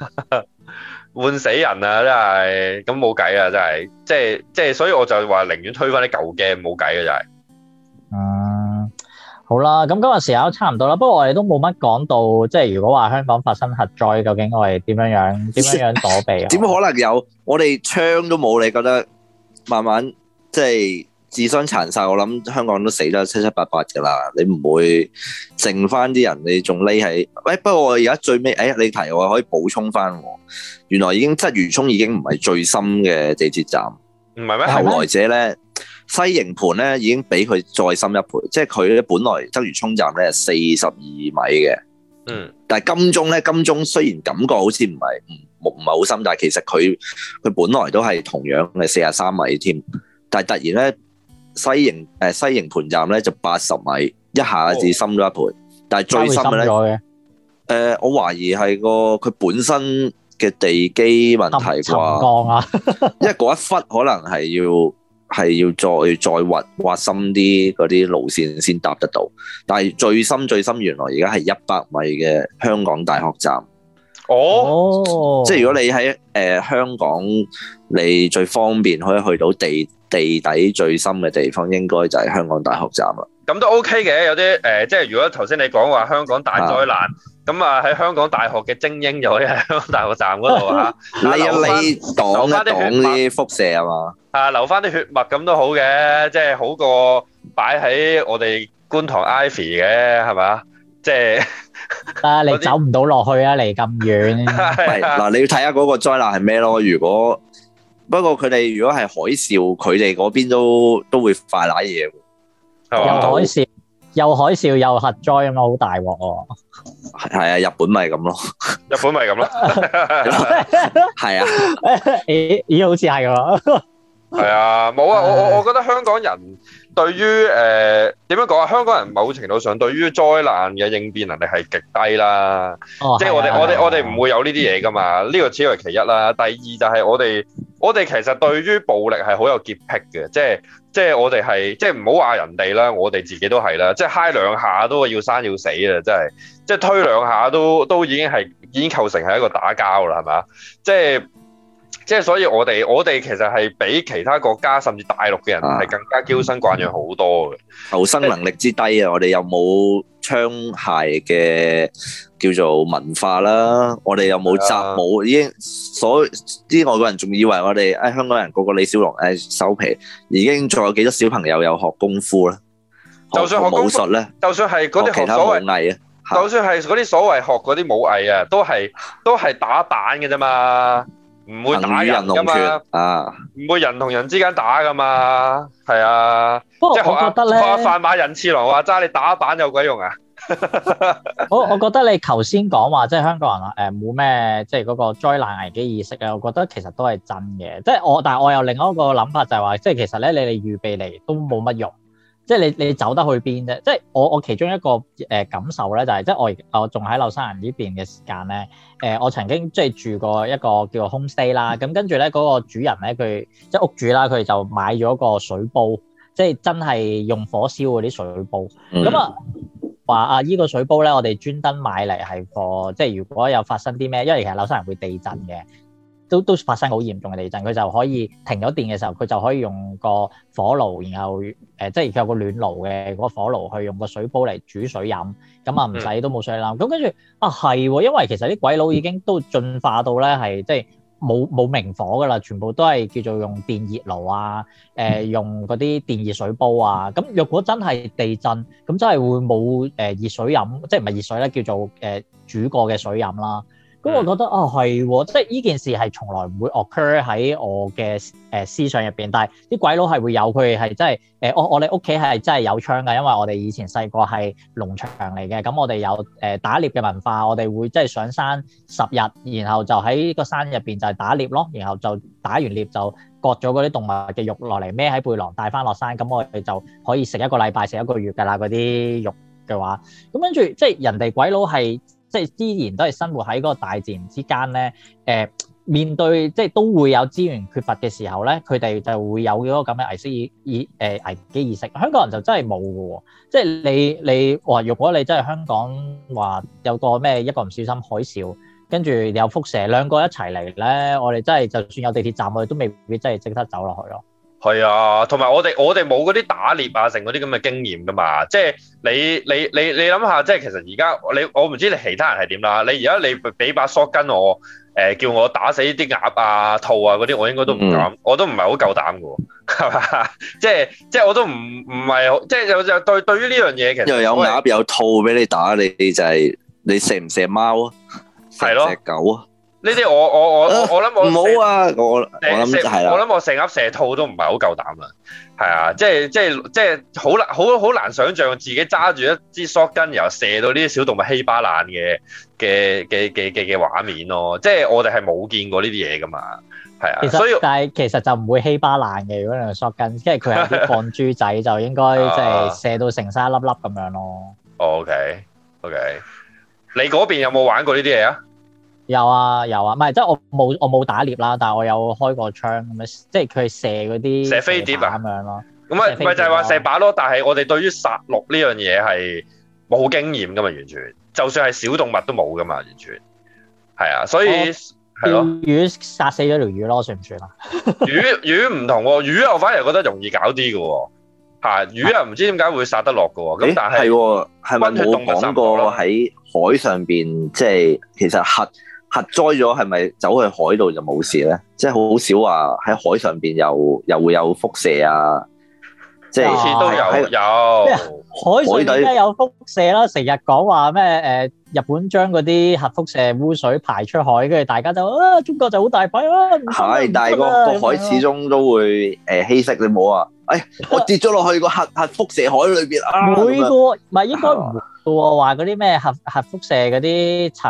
S1: 悶死人啦，真係咁冇計啊，真係，即係即係，所以我就話寧願推翻啲舊嘅，冇計嘅就係。
S3: 好啦，咁今日時間都差唔多啦，不過我哋都冇乜講到，即係如果話香港發生核災，究竟我哋點樣樣點樣躲避啊？
S2: 點可能有？我哋槍都冇，你覺得慢慢即係、就是、自相殘殺，我諗香港都死得七七八八噶啦，你唔會剩翻啲人，你仲匿喺？喂，不過我而家最尾，誒，你提我可以補充翻，原來已經鰂魚涌已經唔係最深嘅地鐵站，
S1: 唔係咩？後來者
S2: 咧。西營盤咧已經比佢再深一倍，即係佢咧本來鰂魚涌站咧係四十二米嘅，嗯，但係金鐘咧金鐘雖然感覺好似唔係唔唔唔係好深，但係其實佢佢本來都係同樣嘅四十三米添，但係突然咧西營誒西營盤站咧就八十米，一下子深咗一倍，但係最深嘅
S3: 咧
S2: 誒，我懷疑係個佢本身嘅地基問題啩，因為嗰一忽可能係要。係要再再挖挖深啲嗰啲路線先搭得到，但係最深最深，原來而家係一百米嘅香港大學站。哦，即係如果你喺誒香港，你最方便可以去到地地底最深嘅地方，應該就係香港大學站啦。
S1: 咁都 OK 嘅，有啲誒，即係如果頭先你講話香港大災難，咁啊喺香港大學嘅精英就可以喺香港大學站嗰度啊，你你
S2: 擋一擋啲輻
S3: 射啊嘛。
S1: 啊，流翻啲血脈咁都好嘅，即係好過擺喺我哋觀塘 Ivy 嘅，係咪？即
S3: 係，但係你走唔到落去啊，嚟咁遠。唔係嗱，你要
S2: 睇下嗰個災難係咩咯？如果不過佢哋如果係海嘯，佢哋嗰邊都都會快瀨嘢。又海嘯，
S3: 又海嘯，又核災咁啊，好大鑊
S2: 喎！係啊，日本咪咁咯，
S1: 日本咪咁咯，係
S3: 啊，咦咦，好似係喎。
S1: 係啊，冇啊，我我我覺得香港人對於誒點樣講啊？香港人某程度上對於災難嘅應變能力係極低啦，哦、即係我哋、啊啊、我哋我哋唔會有呢啲嘢噶嘛。呢、呢個只係其一啦，第二就係我哋我哋其實對於暴力係好有潔癖嘅，即係即係我哋係即係唔好話人哋啦，我哋自己都係啦，即係嗨兩下都要生要死啊！真係即係推兩下都都已經係已經構成係一個打交啦，係嘛？即係。即係所以，我哋我哋其實係比其他國家甚至大陸嘅人係更加嬌生慣養好多嘅，
S2: 求生能力之低啊！我哋又冇槍械嘅叫做文化啦，我哋又冇習武，已經所啲外國人仲以為我哋誒香港人個個李小龍誒收皮，已經仲有幾多小朋友有學功夫咧？就算學武術咧，
S1: 就算係嗰啲其他武藝啊，就算係嗰啲所謂學嗰啲武藝啊，都係都係打板嘅啫嘛～唔會打人噶嘛，唔會人同人之間打噶嘛，係啊。不過即係我覺得咧，話範馬忍次郎話齋你打一班有鬼用啊。
S3: 我 [laughs] 我覺得你頭先講話即係香港人誒冇咩即係嗰個災難危機意識啊，我覺得其實都係真嘅。即係我，但係我又另一個諗法就係話，即係其實咧你哋預備嚟都冇乜用。即係你你走得去邊啫？即係我我其中一個誒、呃、感受咧、就係，就係即係我我仲喺紐西蘭呢邊嘅時間咧，誒、呃、我曾經即係住過一個叫做 home stay 啦，咁跟住咧嗰個主人咧佢即係屋主啦，佢就買咗個水煲，即係真係用火燒嗰啲水煲。咁啊話啊，依個水煲咧，我哋專登買嚟係個即係如果有發生啲咩，因為其實紐西蘭會地震嘅。都都發生好嚴重嘅地震，佢就可以停咗電嘅時候，佢就可以用個火爐，然後誒、呃，即係有個暖爐嘅嗰個火爐，去用個水煲嚟煮水飲，咁啊唔使都冇水飲。咁跟住啊係喎，因為其實啲鬼佬已經都進化到咧係即係冇冇明火噶啦，全部都係叫做用電熱爐啊，誒、呃、用嗰啲電熱水煲啊。咁若果真係地震，咁真係會冇誒、呃、熱水飲，即係唔係熱水咧，叫做誒、呃、煮過嘅水飲啦。咁我覺得啊係、哦，即係呢件事係從來唔會 occur 喺我嘅思想入面。但係啲鬼佬係會有，佢係即係我我哋屋企係真係有槍㗎，因為我哋以前細個係農場嚟嘅，咁我哋有、呃、打獵嘅文化，我哋會即係上山十日，然後就喺個山入面就打獵咯，然後就打完獵就割咗嗰啲動物嘅肉落嚟孭喺背囊帶翻落山，咁我哋就可以食一個禮拜、食一個月㗎啦嗰啲肉嘅話，咁跟住即係人哋鬼佬係。即係依然都係生活喺嗰個大自然之間咧，誒、呃、面對即係都會有資源缺乏嘅時候咧，佢哋就會有嗰個咁嘅危機意識以誒、呃、危機意識。香港人就真係冇嘅喎，即係你你話，如果你真係香港話有個咩一個唔小心海嘯，跟住有輻射兩個一齊嚟咧，我哋真係就算有地鐵站，我哋都未必真係即刻走落去咯。
S1: 係啊，同埋我哋我哋冇嗰啲打獵啊，成嗰啲咁嘅經驗噶嘛，即係你你你你諗下，即係其實而家你我唔知你其他人係點啦。你而家你俾把梳巾，我、呃，叫我打死啲鴨啊、兔啊嗰啲，我應該都唔敢、嗯，我都唔係好夠膽嘅喎，即係即係我都唔唔係好，即係又又對於呢樣嘢其實又有鴨有
S2: 兔俾你打，你就係、是、你射唔射貓啊？射唔射狗啊？
S1: 呢啲我我我我諗我好啊！我我諗係啦，我諗我成粒射套都唔係好夠膽啦。係啊，即係即係即係好難好好難想象自己揸住一支索筋，然後射到呢啲小動物稀巴爛嘅嘅嘅嘅嘅嘅畫面咯。即係我哋係冇見過呢啲嘢噶嘛。係啊，其實所以但
S3: 係其實就唔會稀巴爛嘅。如果用索筋，即係佢係啲放珠仔， [laughs] 就應該即係射到成晒粒粒咁樣咯。
S1: OK OK，你嗰邊有冇玩過呢啲嘢啊？
S3: 有啊有啊，唔係、啊、即我冇打獵啦，但我有開過槍，即係佢射嗰啲射飛碟啊咁樣咯。咁咪咪就係話射
S1: 靶囉，但係我哋對於殺戮呢樣嘢係冇經驗㗎嘛，完全就算係小動物都冇㗎嘛，完全係啊，所以係咯、
S3: 啊，魚殺死咗條魚囉，算唔算、啊、
S1: [laughs] 魚魚唔同喎，魚又、啊、反而覺得容易搞啲㗎喎，係魚啊，唔知點解會殺得落㗎喎。咁、欸、但係係咪冇講過
S2: 喺海上邊即係其實黑。核災咗係咪走去海度就冇事咧？即係好少話喺海上邊又又會有輻射啊！
S1: 即係好似都有有海
S3: 上邊有，有輻射啦，成日講話咩誒日本將嗰啲核輻射污水排出海，跟住大家就啊，中國就好大牌啊！係，但係個個海始終都
S2: 會誒稀釋，你冇啊？誒，我跌咗落去個核核輻射海裏邊啊！每個
S3: 唔係應該唔㗎喎，話嗰啲咩核核輻射嗰啲塵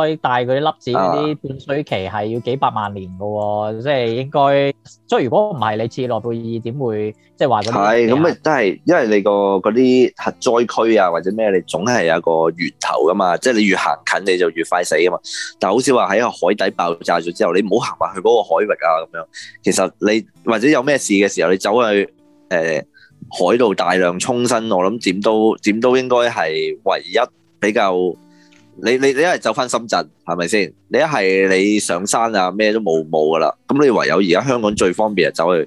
S3: 埃帶嗰啲粒子嗰啲半衰期係要幾百萬年㗎喎，即係應該。所以如果唔係你次落去點會即係話咁？係咁啊，
S2: 真係因為你個嗰啲核災區啊，或者咩，你總係有個源頭㗎嘛。即係你越行近你就越快死啊嘛！但係好少話喺個海底爆炸咗之後，你唔好行埋去嗰個海域啊咁樣。其實你或者有咩事嘅時候，你走去誒、呃、海度大量沖身，我諗點都點都應該係唯一比較。你你你一係走翻深圳係咪先？你一係你上山啊咩都冇冇噶啦。咁你唯有而家香港最方便係，走去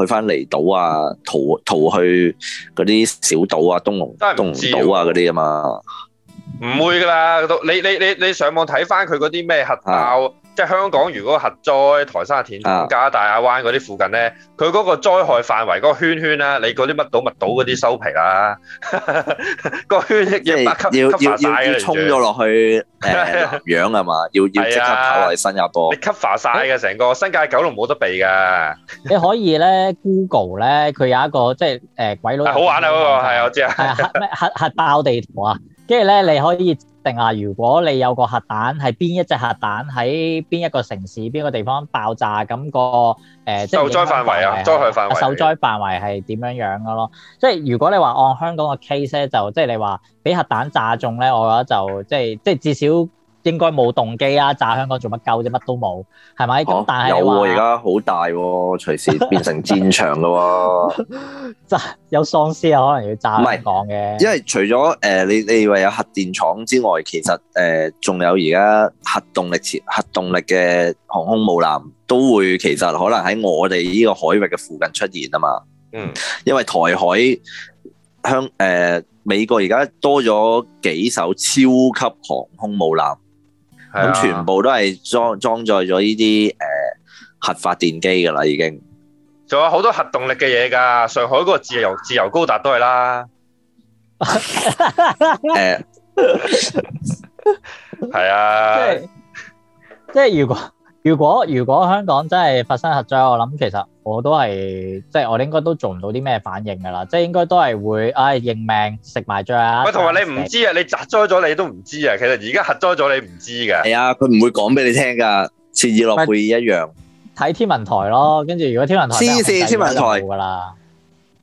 S2: 去翻離島啊、逃逃去嗰啲小島啊、東龍、啊、東龍島啊嗰啲啊嘛。
S1: 唔會噶啦，都你你你你上網睇翻佢嗰啲咩核爆、啊，即係香港如果核災，台山田加大亞灣嗰啲附近咧，佢嗰、啊、個災害範圍嗰個圈圈啦，你嗰啲乜島乜島嗰啲收皮啦，個 [laughs] 圈嘢要要要要衝咗落去誒、呃、樣啊嘛， [laughs] 要要即刻跑落去新加坡、啊，你 cover 晒嘅成個新界九龍冇得避嘅，
S3: 你可以咧 Google 咧，佢有一個即係誒、呃、鬼佬好玩啊嗰、嗰個係我知啊， [laughs] 核核核爆地圖啊。跟住咧，你可以定下，如果你有個核彈，係邊一隻核彈喺邊一個城市、邊個地方爆炸，咁、嗰個誒、呃，即係受災範圍啊，災害範圍，受災範圍係點樣樣嘅咯？即係如果你話按香港個 case 咧，就即係你話俾核彈炸中咧，我覺得就即係即係至少。應該冇動機啊！炸香港做乜鳩啫？乜都冇，係咪？咁、哦、但係有喎、啊，而家
S2: 好大喎、啊， [laughs] 隨時變成戰場咯喎，
S3: 炸有喪屍啊，可能要炸香港嘅。唔係，因為
S2: 除咗誒、呃、你你以為有核電廠之外，其實誒仲、呃、有而家核動力設核動力嘅航空母艦都會其實可能喺我哋呢個海域嘅附近出現啊嘛。嗯，因為台海香誒、呃、美國而家多咗幾艘超級航空母艦。咁全部都係裝裝載咗呢啲誒核發電機噶啦，已經。
S1: 仲有好多核動力嘅嘢噶，上海嗰個自由自由高達都係啦。
S3: 誒，係啊，即係，即係如果。如果如果香港真係發生核災，我諗其實我都係即係我應該都做唔到啲咩反應噶啦，即係應該都係會唉認命食埋醬。喂，同埋你唔知啊，
S1: 你核災咗你都唔知啊，其實而家核災咗你唔知噶。係啊，佢唔會講俾你聽噶，似切爾諾貝爾一樣。
S3: 睇天文台咯，跟住如果天文台，黐線天文台
S2: 噶啦。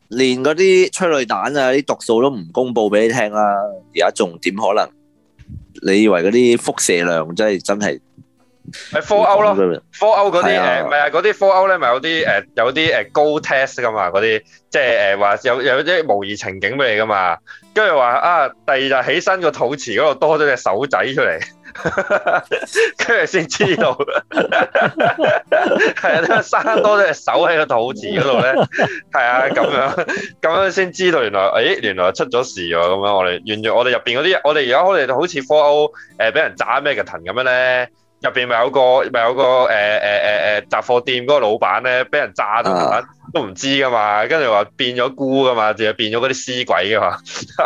S2: 連嗰啲催淚彈啊，啲毒素都唔公布俾你聽啦。而家仲點可能？你以為嗰啲輻射量真係真係？
S1: 係 Fallout 咯，Fallout 嗰啲誒，唔係啊，嗰啲 Fallout 咧，咪有啲誒，有啲誒、呃呃、G.O.A.T. test 噶嘛，嗰啲即係誒話有有啲模擬情景俾你噶嘛，跟住話啊，第二日起身個肚臍嗰度多咗隻手仔出嚟，跟住先知道，係 [laughs] [laughs] 啊，生多隻手喺個肚臍嗰度咧，係啊，咁樣咁樣先知道，原來誒、哎，原來出咗事咗，咁樣我哋，原來我哋入邊嗰啲，我哋而家我哋好似 Fallout 誒，俾人炸 Megaton 咁樣咧。入邊咪有個咪有個誒誒誒誒雜貨店嗰個老闆咧，俾人炸咗，啊，都唔知噶嘛，跟住話變咗菇噶嘛，就變咗嗰啲屍鬼噶嘛，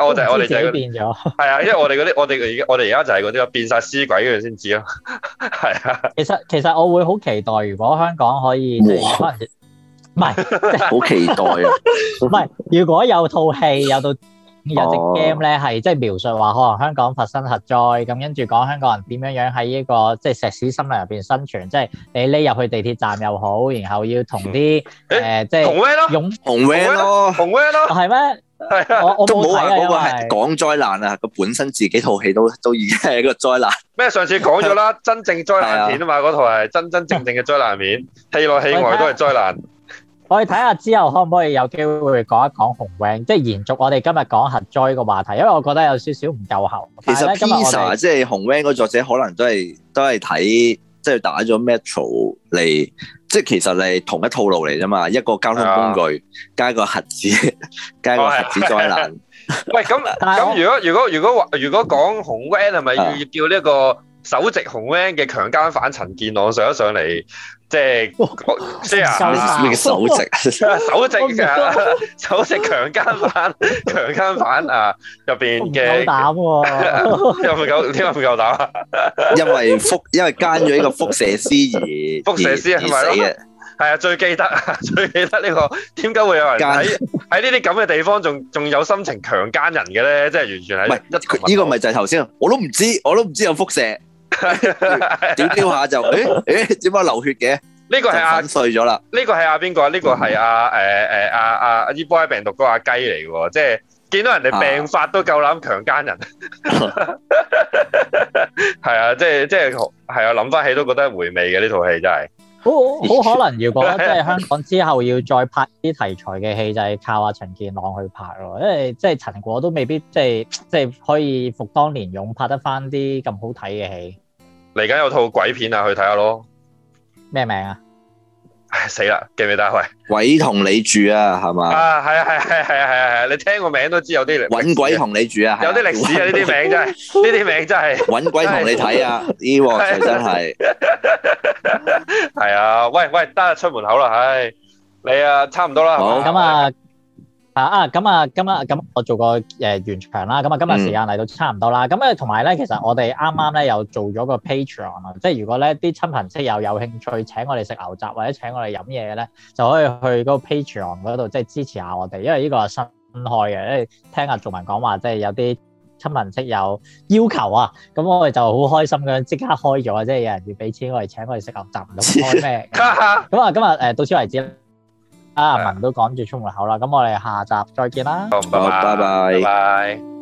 S1: 我哋我哋就係變咗，係啊，因為我哋嗰啲我哋而我哋而家就係嗰啲變曬屍鬼嗰樣先知咯，係
S3: 啊。其實其實我會好期待，如果香港可以，唔係即係好期待啊， [laughs] 唔係如果有套戲有套。 [laughs] 有隻 game 咧，係即描述話可能香港發生核災，咁跟住講香港人點樣樣喺呢個即石屎森林入邊生存，即、係、你匿入去地鐵站又好，然後要同啲誒即同 w e 咯，同 w e、啊、同係咩、啊啊啊啊？我我冇睇嘅，因為
S2: 講災難啊，佢本身自己套戲都都已經係一個災難。
S1: 咩？上次講咗啦， [laughs] 真正災難片啊嘛，嗰套係真真正正嘅災難片，戲內戲外都係災難。
S3: 我哋睇下之後可唔可以有機會講一講紅 Van，即係延續我哋今日講核災個話題，因為我覺得有少少唔夠喉。其實今日即
S2: 係紅 Van 嗰作者可能都係都係睇即係打咗 Metro 嚟，即係其實係同一套路嚟啫嘛，一個交通工具加個核子加個核子災難。
S1: 喂，咁咁如果如果如果話如果講紅 Van 係咪要叫呢個？首席紅 man 嘅強姦犯陳建朗上一上嚟，即係即係啊！首席啊，首席嘅，首席強姦犯，強姦犯啊！入邊嘅夠膽
S2: 喎，又
S1: 唔夠？點解唔夠膽啊？因為輻，
S2: 因為奸咗呢個輻射師而輻射師死嘅，
S1: 係啊！最記得啊！最記得呢個，點解會有人喺喺呢啲咁嘅地方仲仲有心情強姦人嘅咧？即係完全喺唔係一呢
S2: 個咪就係頭先啊！
S1: 我都唔知，我都唔知有輻射。點 [laughs] 雕下就誒誒
S2: 點解流血嘅？呢、
S1: 這個係阿、啊、碎咗啦。呢、這個係阿邊個、啊？呢個係阿誒誒阿阿阿伊波病毒哥阿雞嚟㗎？即係見到人哋病發都夠膽強姦人。係 [laughs] 啊， [laughs] [laughs] [laughs] 即係即係係啊，諗翻起都覺得回味嘅呢套戲真係。
S3: 好，好可能要講，即係香港之後要再拍啲題材嘅戲，就係、是、靠阿陳健朗去拍咯，因為即係陳果都未必、就是，即係即係可以復當年勇拍得翻啲咁好睇嘅戲。
S1: 嚟緊有套鬼片看看啊，去睇下咯。
S3: 咩名啊？
S1: 哎、死啦，記唔記得？
S2: 鬼同你住啊，係嘛？啊
S1: 係啊係係係係係，你聽個名都知有啲揾鬼同你住啊，係啊有啲歷史啊呢啲名真係，呢啲名真係揾鬼同你睇啊呢鑊 [laughs] 真係，係啊喂、 [laughs] 啊、喂，得啦出門口啦唉、啊，你啊差唔多啦，好咁啊。
S3: 啊咁啊，今日咁我做個誒完、呃、場啦。咁啊，今日時間嚟到差唔多啦。咁、嗯、啊，同埋咧，其實我哋啱啱咧又做咗個 Patreon 啊，即係如果咧啲親朋戚友有興趣請我哋食牛雜或者請我哋飲嘢嘅咧，就可以去嗰個 Patreon 嗰度即係支持下我哋，因為呢個係新開嘅。因、就、為、是、聽阿聶文講話，即、就、係、是、有啲親朋戚友要求啊，咁我哋就好開心咁樣即刻開咗，即、就、係、是、有人要俾錢我哋請我哋食牛雜，唔懂開咩？咁 [laughs] 啊，今日誒到此為止。阿、啊、文都趕住出門口啦，咁我哋下集再見啦，拜拜。拜拜
S1: 拜拜。